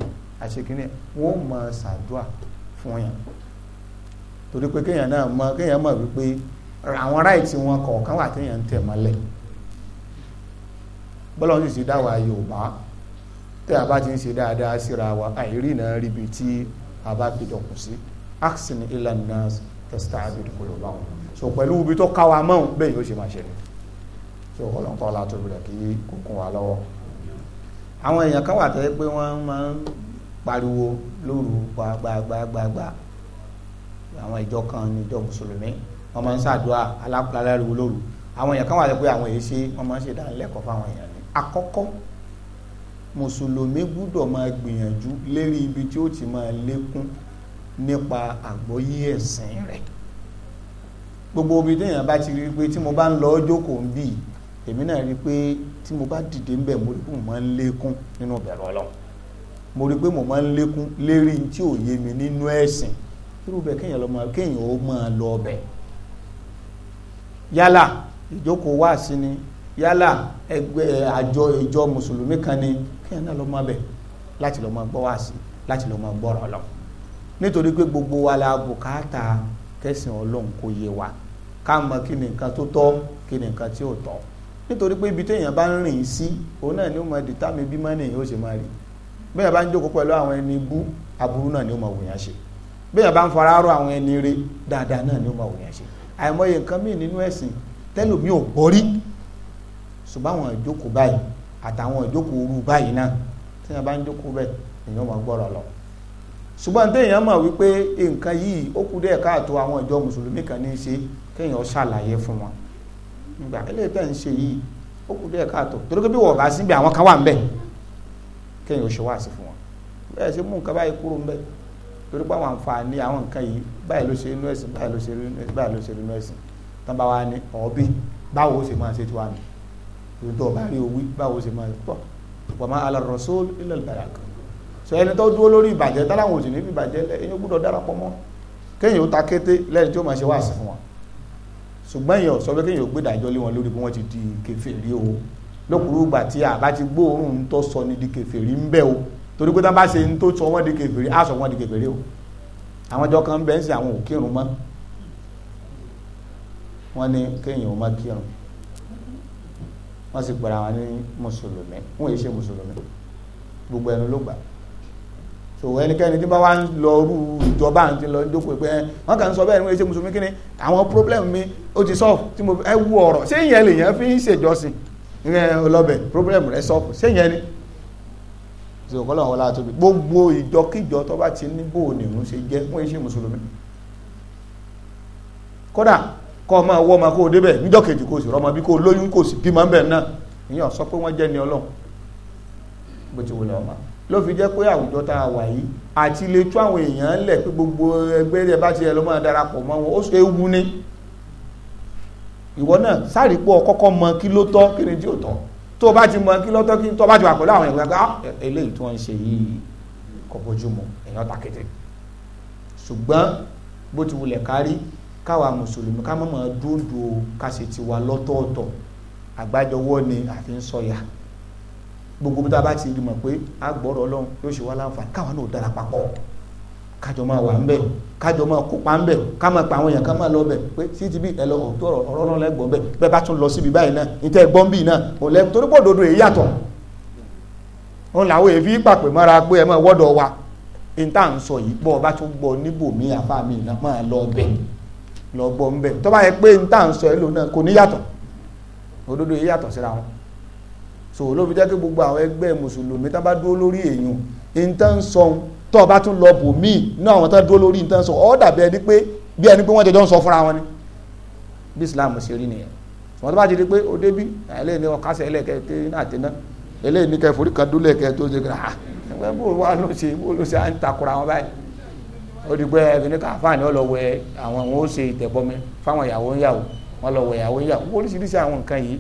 àṣekínní wọ́n máa ṣàdúà fún yàn torí pé kéèyàn náà mọ kéèyàn mọ̀ wípé àwọn ráìtì wọn kọ̀ọ̀kan wà téèyàn ń tẹ̀ mọ́lẹ̀ bọ́lọ́n sì sí dáwà Yorùbá tẹ́ a bá ti ń ṣe dáadáa síra wa àìrí náà ríbi tí a bá péjọkùn sí axin ìlànà testa abid koloba wọn so pẹ̀lú ibi tó ká wa mọ́ bẹ́ẹ̀ yóò ṣe máa ṣẹlẹ̀ so ọlọ́nkọ́ látòrí rẹ̀ kí kókún wa lọ́wọ́ àwọn èèyàn kan wà tẹ́ pé wọ́n máa ń pariwo lóru gbagbagbagba àwọn ìjọ kan ní ìjọ mùsùlùmí wọ́n máa ń ṣàdúrà alápàlárìwò lóru àwọn èèyàn kan wà tẹ́ pé àwọn èèyàn ṣe wọ́n máa ń ṣèdánilẹ́kọ̀ọ́ fáwọn èèyàn àkọ́kọ́ mùsùlùmí gbúdọ̀ máa gbìyànjú lérí ibi tí ó ti máa lékún nípa àgbọ́yé ẹ̀sìn rẹ̀ gbogbo ibi téèyàn bá ti rí i pé tí mo bá ń lọ jókòó ń bì í èmi náà rí i pé tí mo bá dìde ń bẹ̀ mo rí pé mo máa ń lékún nínú ìbẹ̀rù ọlọ́run mo rí pé mo máa ń lékún lérí tí ò yé mi nínú ẹ̀sìn irú bẹ́ẹ̀ kéèyàn lọ́mọ kéèyàn ó máa lọ ọbẹ̀ yálà ìjókòó wá sí ni yálà ẹgbẹ́ àjọ ìjọ mùsùlùmí kan ni kéèyàn náà lọ mọ abẹ láti lọ mọ gbọ́ wá sí láti lọ mọ gbọ́rọ̀ lọ nítorí pé gbogbo wa la bùkátà kẹsìn Ọlọ́run kò yé wa ká mọ kí ni nǹkan tó tọ́ kí ni nǹkan tí ò tọ́ nítorí pé ibi téèyàn bá ń rìn sí òun náà ni ó máa dìtámì bí mọ́nì yóò ṣe máa rí bẹ́ẹ̀ bá ń jókòó pẹ̀lú àwọn ẹni bú aburú náà ni ó máa wòyàn ṣe bẹ́ẹ̀ bá ń fara rọ àwọn ẹni rẹ dáadáa náà ni ó máa wòyàn ṣe àìmọye nǹkan míì nínú ẹ̀sìn tẹ́lòmí ò gbọ́rí ṣùgbọ́n àwọn ìjókòó báyìí àtàwọn ìjókòó orú báyìí náà tí wọ́n bá ń jókòó bẹ́ẹ̀ èèyàn máa gbọ́rọ̀ lọ ṣùgbọ́n téèyàn mọ̀ wípé nǹkan yìí ó kù díẹ̀ káàtó àwọn ìjọ mùsùlùmí kan ní í ṣe kéèyàn ṣàlàyé fún wọn nígbà eléyìí tẹ̀ ń ṣe yìí ó kù díẹ̀ káàtó torí pé bí wọ́n bá síbi àwọn kan wà ń bẹ̀ kéèyàn ó ṣe wáàsí fún wọn bẹ́ẹ̀ ṣe mú nǹkan báyìí kúrò ń bẹ̀ torí pé àwọn àǹfààní àwọn nǹkan yìí báyìí ló ṣe inú ẹ̀sìn báyìí ló ṣe inú ẹ̀sìn tán bá wá ní ọ̀ọ́bí báwo ó ṣe máa ṣe tiwa nù ìwé tó bá rí owí báwo ṣe máa pọ̀ wàmá alárọ̀sọ́ ilẹ̀ ìbàdàn sọ ẹni tó dúró lórí ìbàjẹ́ táláwọn òsì níbi ìbàjẹ́ ẹni gbúdọ̀ darapọ̀ mọ́ kéèyàn ó ta kété lẹ́yìn tí ó máa ṣe wáàsí fún wọn ṣùgbọ́n èèyàn sọ pé kéèyàn ó gbé ìdájọ́ lé wọn lórí bí wọ́n ti di kèfèrí o lókùrú ìgbà tí àbá ti gbóòórùn ń tó sọ ni di kèfèrí ń bẹ o torí pé tá bá ṣe ń tó sọ wọ́n di kèfèrí á sọ wọ́n di kèfèrí o àwọn ọjọ́ kan ń bẹ ń sin àwọn òkèrùn mọ́ wọ́n ní wọ́n sì pera wọn ní mùsùlùmí wọ́n yìí ṣe mùsùlùmí gbogbo ẹnu ló gbà so ẹnikẹ́ni tí bá wá ń lọ rú ìjọba àti lọ jókòó pé wọ́n kàn ń sọ bẹ́ẹ̀ ni wọ́n ṣe mùsùlùmí kí ni àwọn problem mi ó ti solve tí mo ẹ wú ọ̀rọ̀ ṣé ìyẹn lè yẹn fi ń ṣèjọsìn ẹ ọlọ́bẹ̀ problem rẹ solve ṣé ìyẹn ni so kọ́lọ̀ wọn láti tóbi gbogbo ìjọkíjọ tó bá ti ní bóòlù ìrún ṣe jẹ́ wọ́n ṣe mùsùlùmí kódà kọ́ ọmọ ọwọ́ ọmọ kó o débẹ̀ níjọ́ kejì kó o sì rọmọ bí kó lóyún kó o sì bímọ ń bẹ̀ náà ìyẹn sọ pé wọ́n jẹ́ ni ọlọ́run bó ti wọlé ọmọ ló fi jẹ́ pé àwùjọ tá a wà yìí àti lè tú àwọn èèyàn lẹ̀ pé gbogbo ẹgbẹ́ rẹ̀ bá ti ẹ̀ lọ́mọ darapọ̀ mọ́ wọn ó ṣe ewu ni ìwọ náà sáàrípò ọkọ́kọ́ mọ kí ló tọ́ kí ni tí ò tọ́ tó o bá ti mọ kí ló tọ́ kí tó o bá ti wà pẹ̀lú àwọn ah, e, ẹ̀gbẹ́ káwa mùsùlùmí ká mọ̀mọ́ dúndú ká sì ti wà lọ́tọ̀ọ̀tọ̀ àgbájọwọ́ ni àfi ń sọ̀yà gbogbo bí tá a bá ti mọ̀ pé a gbọ́dọ̀ ọlọ́run yóò ṣe wá láǹfààní káwa náà dára papọ̀ kájọ máa wà ń bẹ̀ kájọ máa kópa ń bẹ̀ ká máa pa àwọn èèyàn ká máa lọ bẹ̀ pé títí bí ẹlọ ọ̀tọ̀ ọ̀rọ̀ náà lẹ́gbọ̀n bẹ̀ bẹ́ẹ̀ bá tún lọ síbi báyìí náà níta ẹ̀gbọ́n bíi náà òun lẹ́ torí pọ̀ dodo èyí yàtọ̀ òun làwọn èèyàn pàpè mọ́ra pé ẹ máa wọ́dọ̀ wa níta à ń sọ yìí pọ̀ bá tún gbọ́ níbòmí àfáà mi náà máa lọ bẹ̀ lọ́gbọ́ ń bẹ̀ tó bá yẹ pé n tà ń sọ ẹlò náà kò ní yàtọ̀ òdodo yìí yàtọ̀ síra wọn so olóbi jẹ́ kí gbogbo àwọn ẹgbẹ́ mùsùlùmí tá bá dúró lórí èèyàn n tà ń sọ tó bá tún lọ bò míì náà àwọn tá dúró lórí n tà sọ ọ́ dàbí ẹni pé bí ẹni pé wọ́n jẹjọ́ ń sọ fúnra wọn ni bí Islam ṣe rí nìyẹn wọ́n tó bá ti di pé ó débí eléyìí ni ọkásẹ̀ ẹlẹ́kẹ̀ẹ́ náà tẹ́ná eléyìí ó di pé ẹbí ní káfáàní ọ lọ wẹ àwọn wọn ó ṣe ìtẹ̀bọmi fáwọn ìyàwó ńyàwó wọn lọ wẹ ìyàwó ńyàwó oríṣiríṣi àwọn nǹkan yìí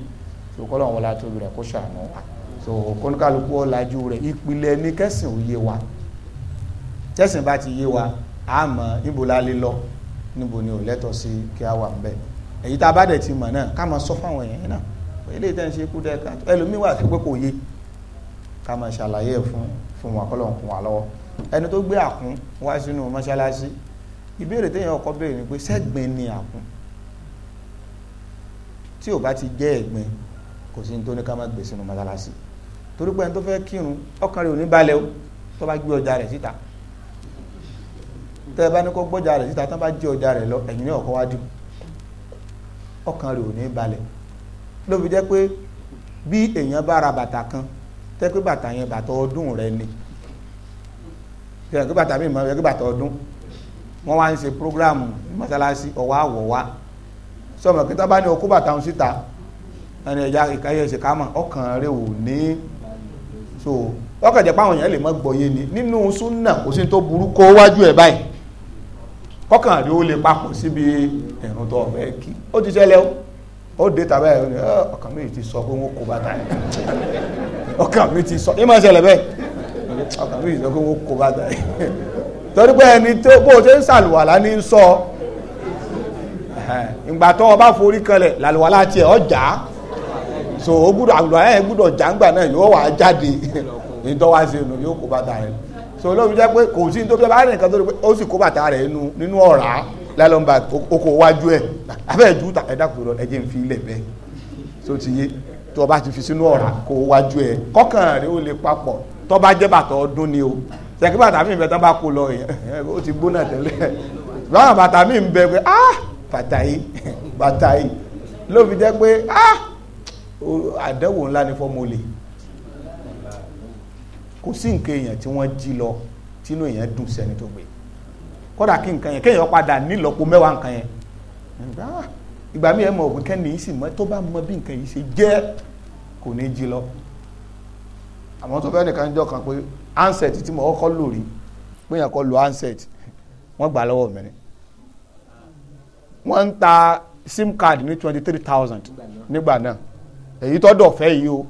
tó kọ́ lọ́wọ́ la tóbi rẹ̀ kó ṣàánú wa tó kóníkàlùkù ọ̀làjú rẹ̀ ìpìlẹ̀ ní kẹ́sìn ò yé wa kẹ́sìn bá ti yé wa a mọ̀ níbo la lè lọ níbo ni ò lẹ́tọ̀ sí kí a wà ńbẹ̀ èyí tá a bá dẹ̀ ti mọ̀ náà ká máa sọ fáwọn èèyàn náà eléyìí tẹ́ ẹni tó gbé àkún wá sínú mọ́ṣáláṣí ìbéèrè téèyàn ọkọ béèrè ni pé sẹ́gbìn ni àkún tí ò bá ti jẹ́ ẹ̀gbin kò sí ní tó ní ká má gbé sínú mọ́ṣáláṣí torí pé ẹni tó fẹ́ kírun ọkàn rẹ̀ ò ní balẹ̀ o tó bá gbé ọjà rẹ̀ síta tẹ́ ẹ bá ní kó gbọ́jà rẹ̀ síta tán bá jí ọjà rẹ̀ lọ ẹ̀yìn ní ọ̀kọ́ wájú ọkàn rẹ̀ ò ní balẹ̀ ló fi jẹ́ pé bí èèyàn bá ra bàtà kan tẹ́ pé bàtà yẹn bàtà ọdún rẹ̀ ni kí ẹ̀kí bàtà mi mọ̀ ẹ̀kí bàtà ọdún wọ́n wá ń ṣe programu mọ́sálásí ọ̀wá àwọ̀wá sọmọ kí tábà ní okú bàtà ń síta ẹni ẹ̀já ìkáyọ̀ ẹ̀ṣẹ̀ ká mọ̀ ọkàn rẹ̀ ò ní so ọkàn jẹ́ páwọn èèyàn lè mọ́ gbọ́yé ni nínú súnà kò sí tó burú kó wájú ẹ̀ báyìí kọ́kàn rí ó lè papọ̀ síbi ẹ̀rùn tó ọ̀fẹ́ kí ó ti ṣẹlẹ̀ ó dé tàbí ẹ̀rùn ọkàn mi ti sọ pé wọ́n kó bàtà ọkàn mi ti sọ ní mọ̀ ṣẹlẹ̀ bẹ́ẹ̀ ọkùnrin ìjọ kó wọ́n kó bàtà yìí torí pé ẹni tó bó ṣe ń ṣàlùwàlá ní ń sọ ìgbà tó ọba forí kanlẹ̀ làlùwàlá tiẹ̀ ọjà so ó gbúdọ̀ àlùwàlá yẹn gbúdọ̀ jàǹgbà náà yóò wá jáde ìdọ́wà sí inú yóò kó so jẹ́ pé kò sí ní tó tó rí pé ó sì kó rẹ̀ nínú ọ̀rá lálọ́mbà oko wájú ẹ̀ ju ẹ̀dá ẹ̀jẹ̀ ń fi bẹ́ẹ̀ so ti yé tó ti fi sínú ọ̀rá kó wájú ẹ̀ rẹ̀ ó papọ̀ tó bá jẹ́ bàtà ọdún ni o ṣèkí bàtà mi ń bẹ tó bá kó lọ yẹn ó ti gbóná tẹ́lẹ̀ báwọn bàtà mi ń bẹ pé ah bàtà yìí bàtà yìí ló fi jẹ́ pé ah àdẹ́wò ńlá ni fọ́mọ olè kò sí nǹkan èèyàn tí wọ́n jí lọ tínú èèyàn dùn sẹ́ni tó gbé kódà kí nǹkan yẹn kéèyàn padà nílọ́po mẹ́wàá nǹkan yẹn ah, ìgbà mi ẹ̀ mọ̀ òpin kẹ́ni yìí sì mọ́ tó bá mọ bí nǹkan yìí ṣe jẹ́ kò ní jí lọ àwọn tó fẹ́ nìkan jọ kan pé handset tí mo kọ́ lò rí pé yẹn kọ́ lo handset wọ́n gbà lọ́wọ́ mi ni wọ́n ń ta sim card ní twenty three thousand nígbà náà èyí tó dọ̀fẹ́ yìí o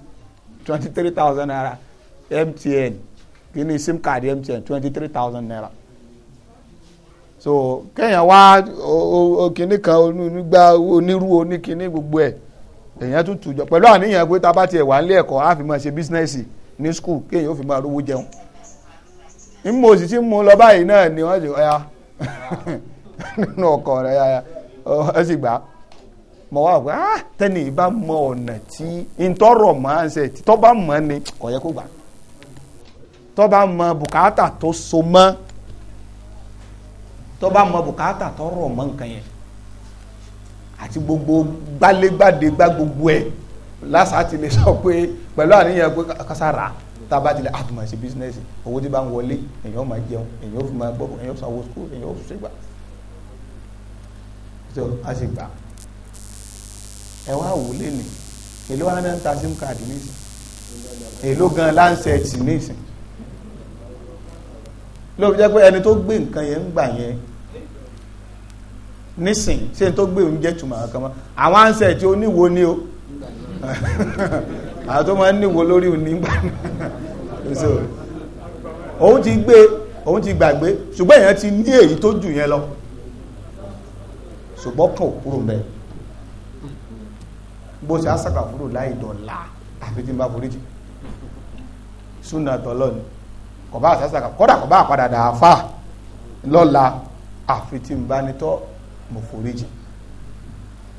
twenty three thousand naira MTN kí ni sim card MTN twenty three thousand naira so kéèyàn wá òkìní kan onígbà onírú oníkíní gbogbo ẹ èèyàn tún tùjọ pẹ̀lú àníyàn pé tá a bá tiẹ̀ wà nílé ẹ̀kọ́ á máa ṣe bísínẹ́sì ní skul kéèyàn ó fi máa rówó jẹun ń mo sì ti mú lọ báyìí náà ni wọ́n ti ọ̀ya nínú ọkọ̀ rẹ̀ yáya ẹ sì gbà á mọ̀ wá pé ah, tẹ́ni ìbá mọ ọ̀nà tí ntọ́rọ̀ máa ń ṣe tọ́ bá mọ̀ ni kò yẹ kó gbà tọ́ bá mọ bùkátà tó so mọ́ tọ́ bá mọ bùkátà tọ́rọ̀ mọ́ nǹkan yẹn àti gbogbo gbálégbádé gbá gbogbo ẹ̀ lásà ti lè sọ pé pẹ̀lú àníyàn pé kására tába ti lè àtúmọ̀ sí bísínẹ́sì owó tí bá ń wọlé èèyàn máa jẹun èèyàn fi máa gbọ́ èèyàn fi sanwó skul èèyàn fi ṣègbà tó a sì gbà ẹ wá wò lẹ́nu èló wa náà ń ta sim card nísìn èló gan lancet nísìn ló fi jẹ́ pé ẹni tó gbé nǹkan yẹn ń gbà yẹn nísìn ṣé n tó gbé òun jẹ́ tùmọ̀ àkàmọ́ àwọn ansẹ̀tì oníwo ni o. àwọn tó máa ń níwò lórí nígbà so òun ti gbé òun ti gbàgbé ṣùgbọ́n èèyàn ti ní èyí tó jù yẹn lọ ṣùgbọ́n kàn kúrò mẹ́ bó ṣe á sàkà kúrò láì dọ̀la àfi tí n bá forí jì súnà tọ́lọ́ ni kò bá àṣàṣàkà kódà kò bá àpadà dàáfà lọ́la àfi tí n bá nítọ́ mo forí jì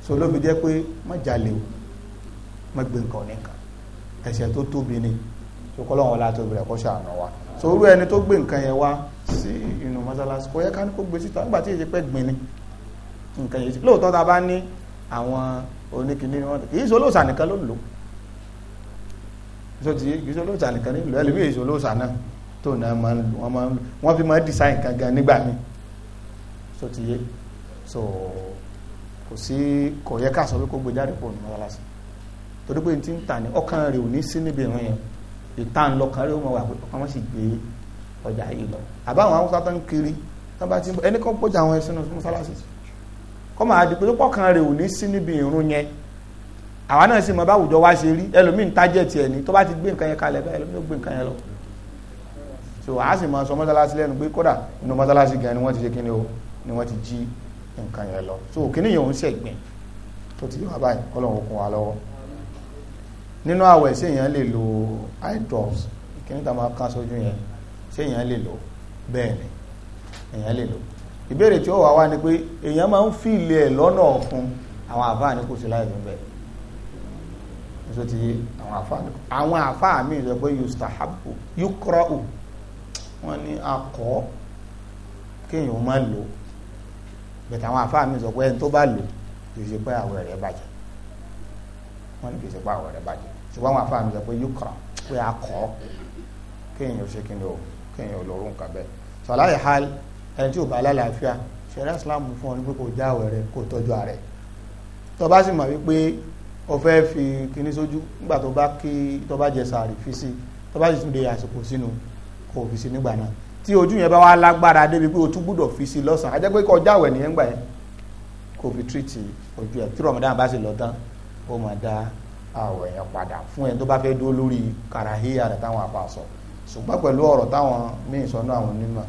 so ló fi jẹ́ pé má jalè o má gbé nǹkan oníkan ẹ̀ṣẹ̀ tó tóbi ni ṣokọ́lọ́wọ́n ọlá tóbi rẹ̀ kó ṣàánú wa so irú ẹni tó gbé nǹkan yẹn wá sí inú mọ́sálásí kò yẹ ká ní kó gbé síta nígbà tí èyí pẹ́ gbin ni nǹkan yìí lóòótọ́ ta bá ní àwọn oníkìní ni wọ́n kì í ṣe olóòṣà nìkan ló lò so ti kì í ṣe nìkan nílò ẹlòmíì èyí ṣe olóòṣà náà tó náà máa ń lò wọ́n máa ń lò wọ́n fi máa ń design kan gan nígbà mi so ti yé so kò sí kò yẹ ká sọ pé kó gbé jáde kó ní mọ́sálásí torí pé ti ń tà ní ọkàn rẹ̀ ò ní sí níbi ìrìn yẹn ìtàn lọkàn rẹ̀ ó mọ̀ wà pé ọkàn wọn sì gbé ọjà yìí lọ àbáwọn haúsá tó ń kiri tó bá ti ẹni kan gbọ́jà àwọn ẹ̀sìn náà mọ́sálásí kọ́ máa di pé ọkàn rẹ̀ ò ní sí níbi ìrún yẹn àwa náà sì mọ báwùjọ wá ṣe rí ẹlòmíì ń tájẹ̀ tiẹ̀ ní tó bá ti gbé nǹkan yẹn kalẹ̀ bẹ́ẹ̀ ẹlòmíì ó gbé nǹkan yẹn lọ so a sì máa sọ mọ́sálásí lẹ́nu pé kódà inú mọ́sálásí gan ni wọ́n ti ṣe kíni o ni wọ́n ti jí nǹkan yẹn lọ so kíní yẹn ò ń ṣẹ̀gbìn tó ti yọ wá kọ́lọ́hún okun wa lọ́wọ́ nínú àwẹ̀ ṣé èèyàn lè lo eye drops kí ní ta máa kán sójú yẹn ṣé èèyàn lè lo bẹ́ẹ̀ ni èèyàn lè lo ìbéèrè tí ó wà wá ni pé èèyàn máa ń fi ilé ẹ̀ lọ́nà ọ̀fun àwọn àfáà ní kò sí láì lọ́bẹ̀ nítorí yukra'u wọ́n ní akọ́ kéèyàn má lò bẹ̀tẹ̀ àwọn àfáà mi sọ pé ẹni tó bá lò kì í ṣe bàjẹ́ wọ́n ní kì í ṣe bàjẹ́ ṣùgbọ́n àwọn afáàmì sọ pé yukra pé a kọ́ kéèyàn ṣe kí ni o kéèyàn lọ́rùn nǹkan bẹ́ẹ̀ sọlá hal ẹni tí ò bá lálàáfíà ṣẹlẹ islam fún ọ ní pé kò já àwẹ̀ rẹ kò tọ́jú ààrẹ tó bá sì mọ̀ wípé o fẹ́ fi kíní sójú nígbà tó bá kí tó bá jẹ sàárì fi sí tó bá sì tún de àsìkò sínú kò fi sí nígbà náà tí ojú yẹn bá wà lágbára débi pé o tún gbúdọ̀ fi sí lọ́sàn-án a jẹ́ pé kò já àwẹ̀ nìyẹn gbà yẹn kò fi tírìtì ojú ẹ̀ tí rọ̀mọdán bá sì lọ tán ó máa dá àwọ̀ èèyàn padà fún ẹni tó bá fẹ́ dúró lórí kàràhíyà rẹ̀ táwọn apá sọ ṣùgbọ́n pẹ̀lú ọ̀rọ̀ táwọn míì sọnú àwọn onímọ̀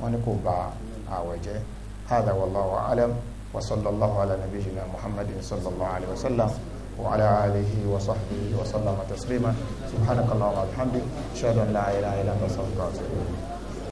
wọn ni kò ba àwẹ̀ jẹ́ hàdà wàláwà alẹ́m wasallallahu ala nabiyyina muhammadin sallallahu alaihi wasallam wa ala alihi wa sahbihi wa sallama taslima subhanakallahumma wa bihamdik ashhadu an wa atubu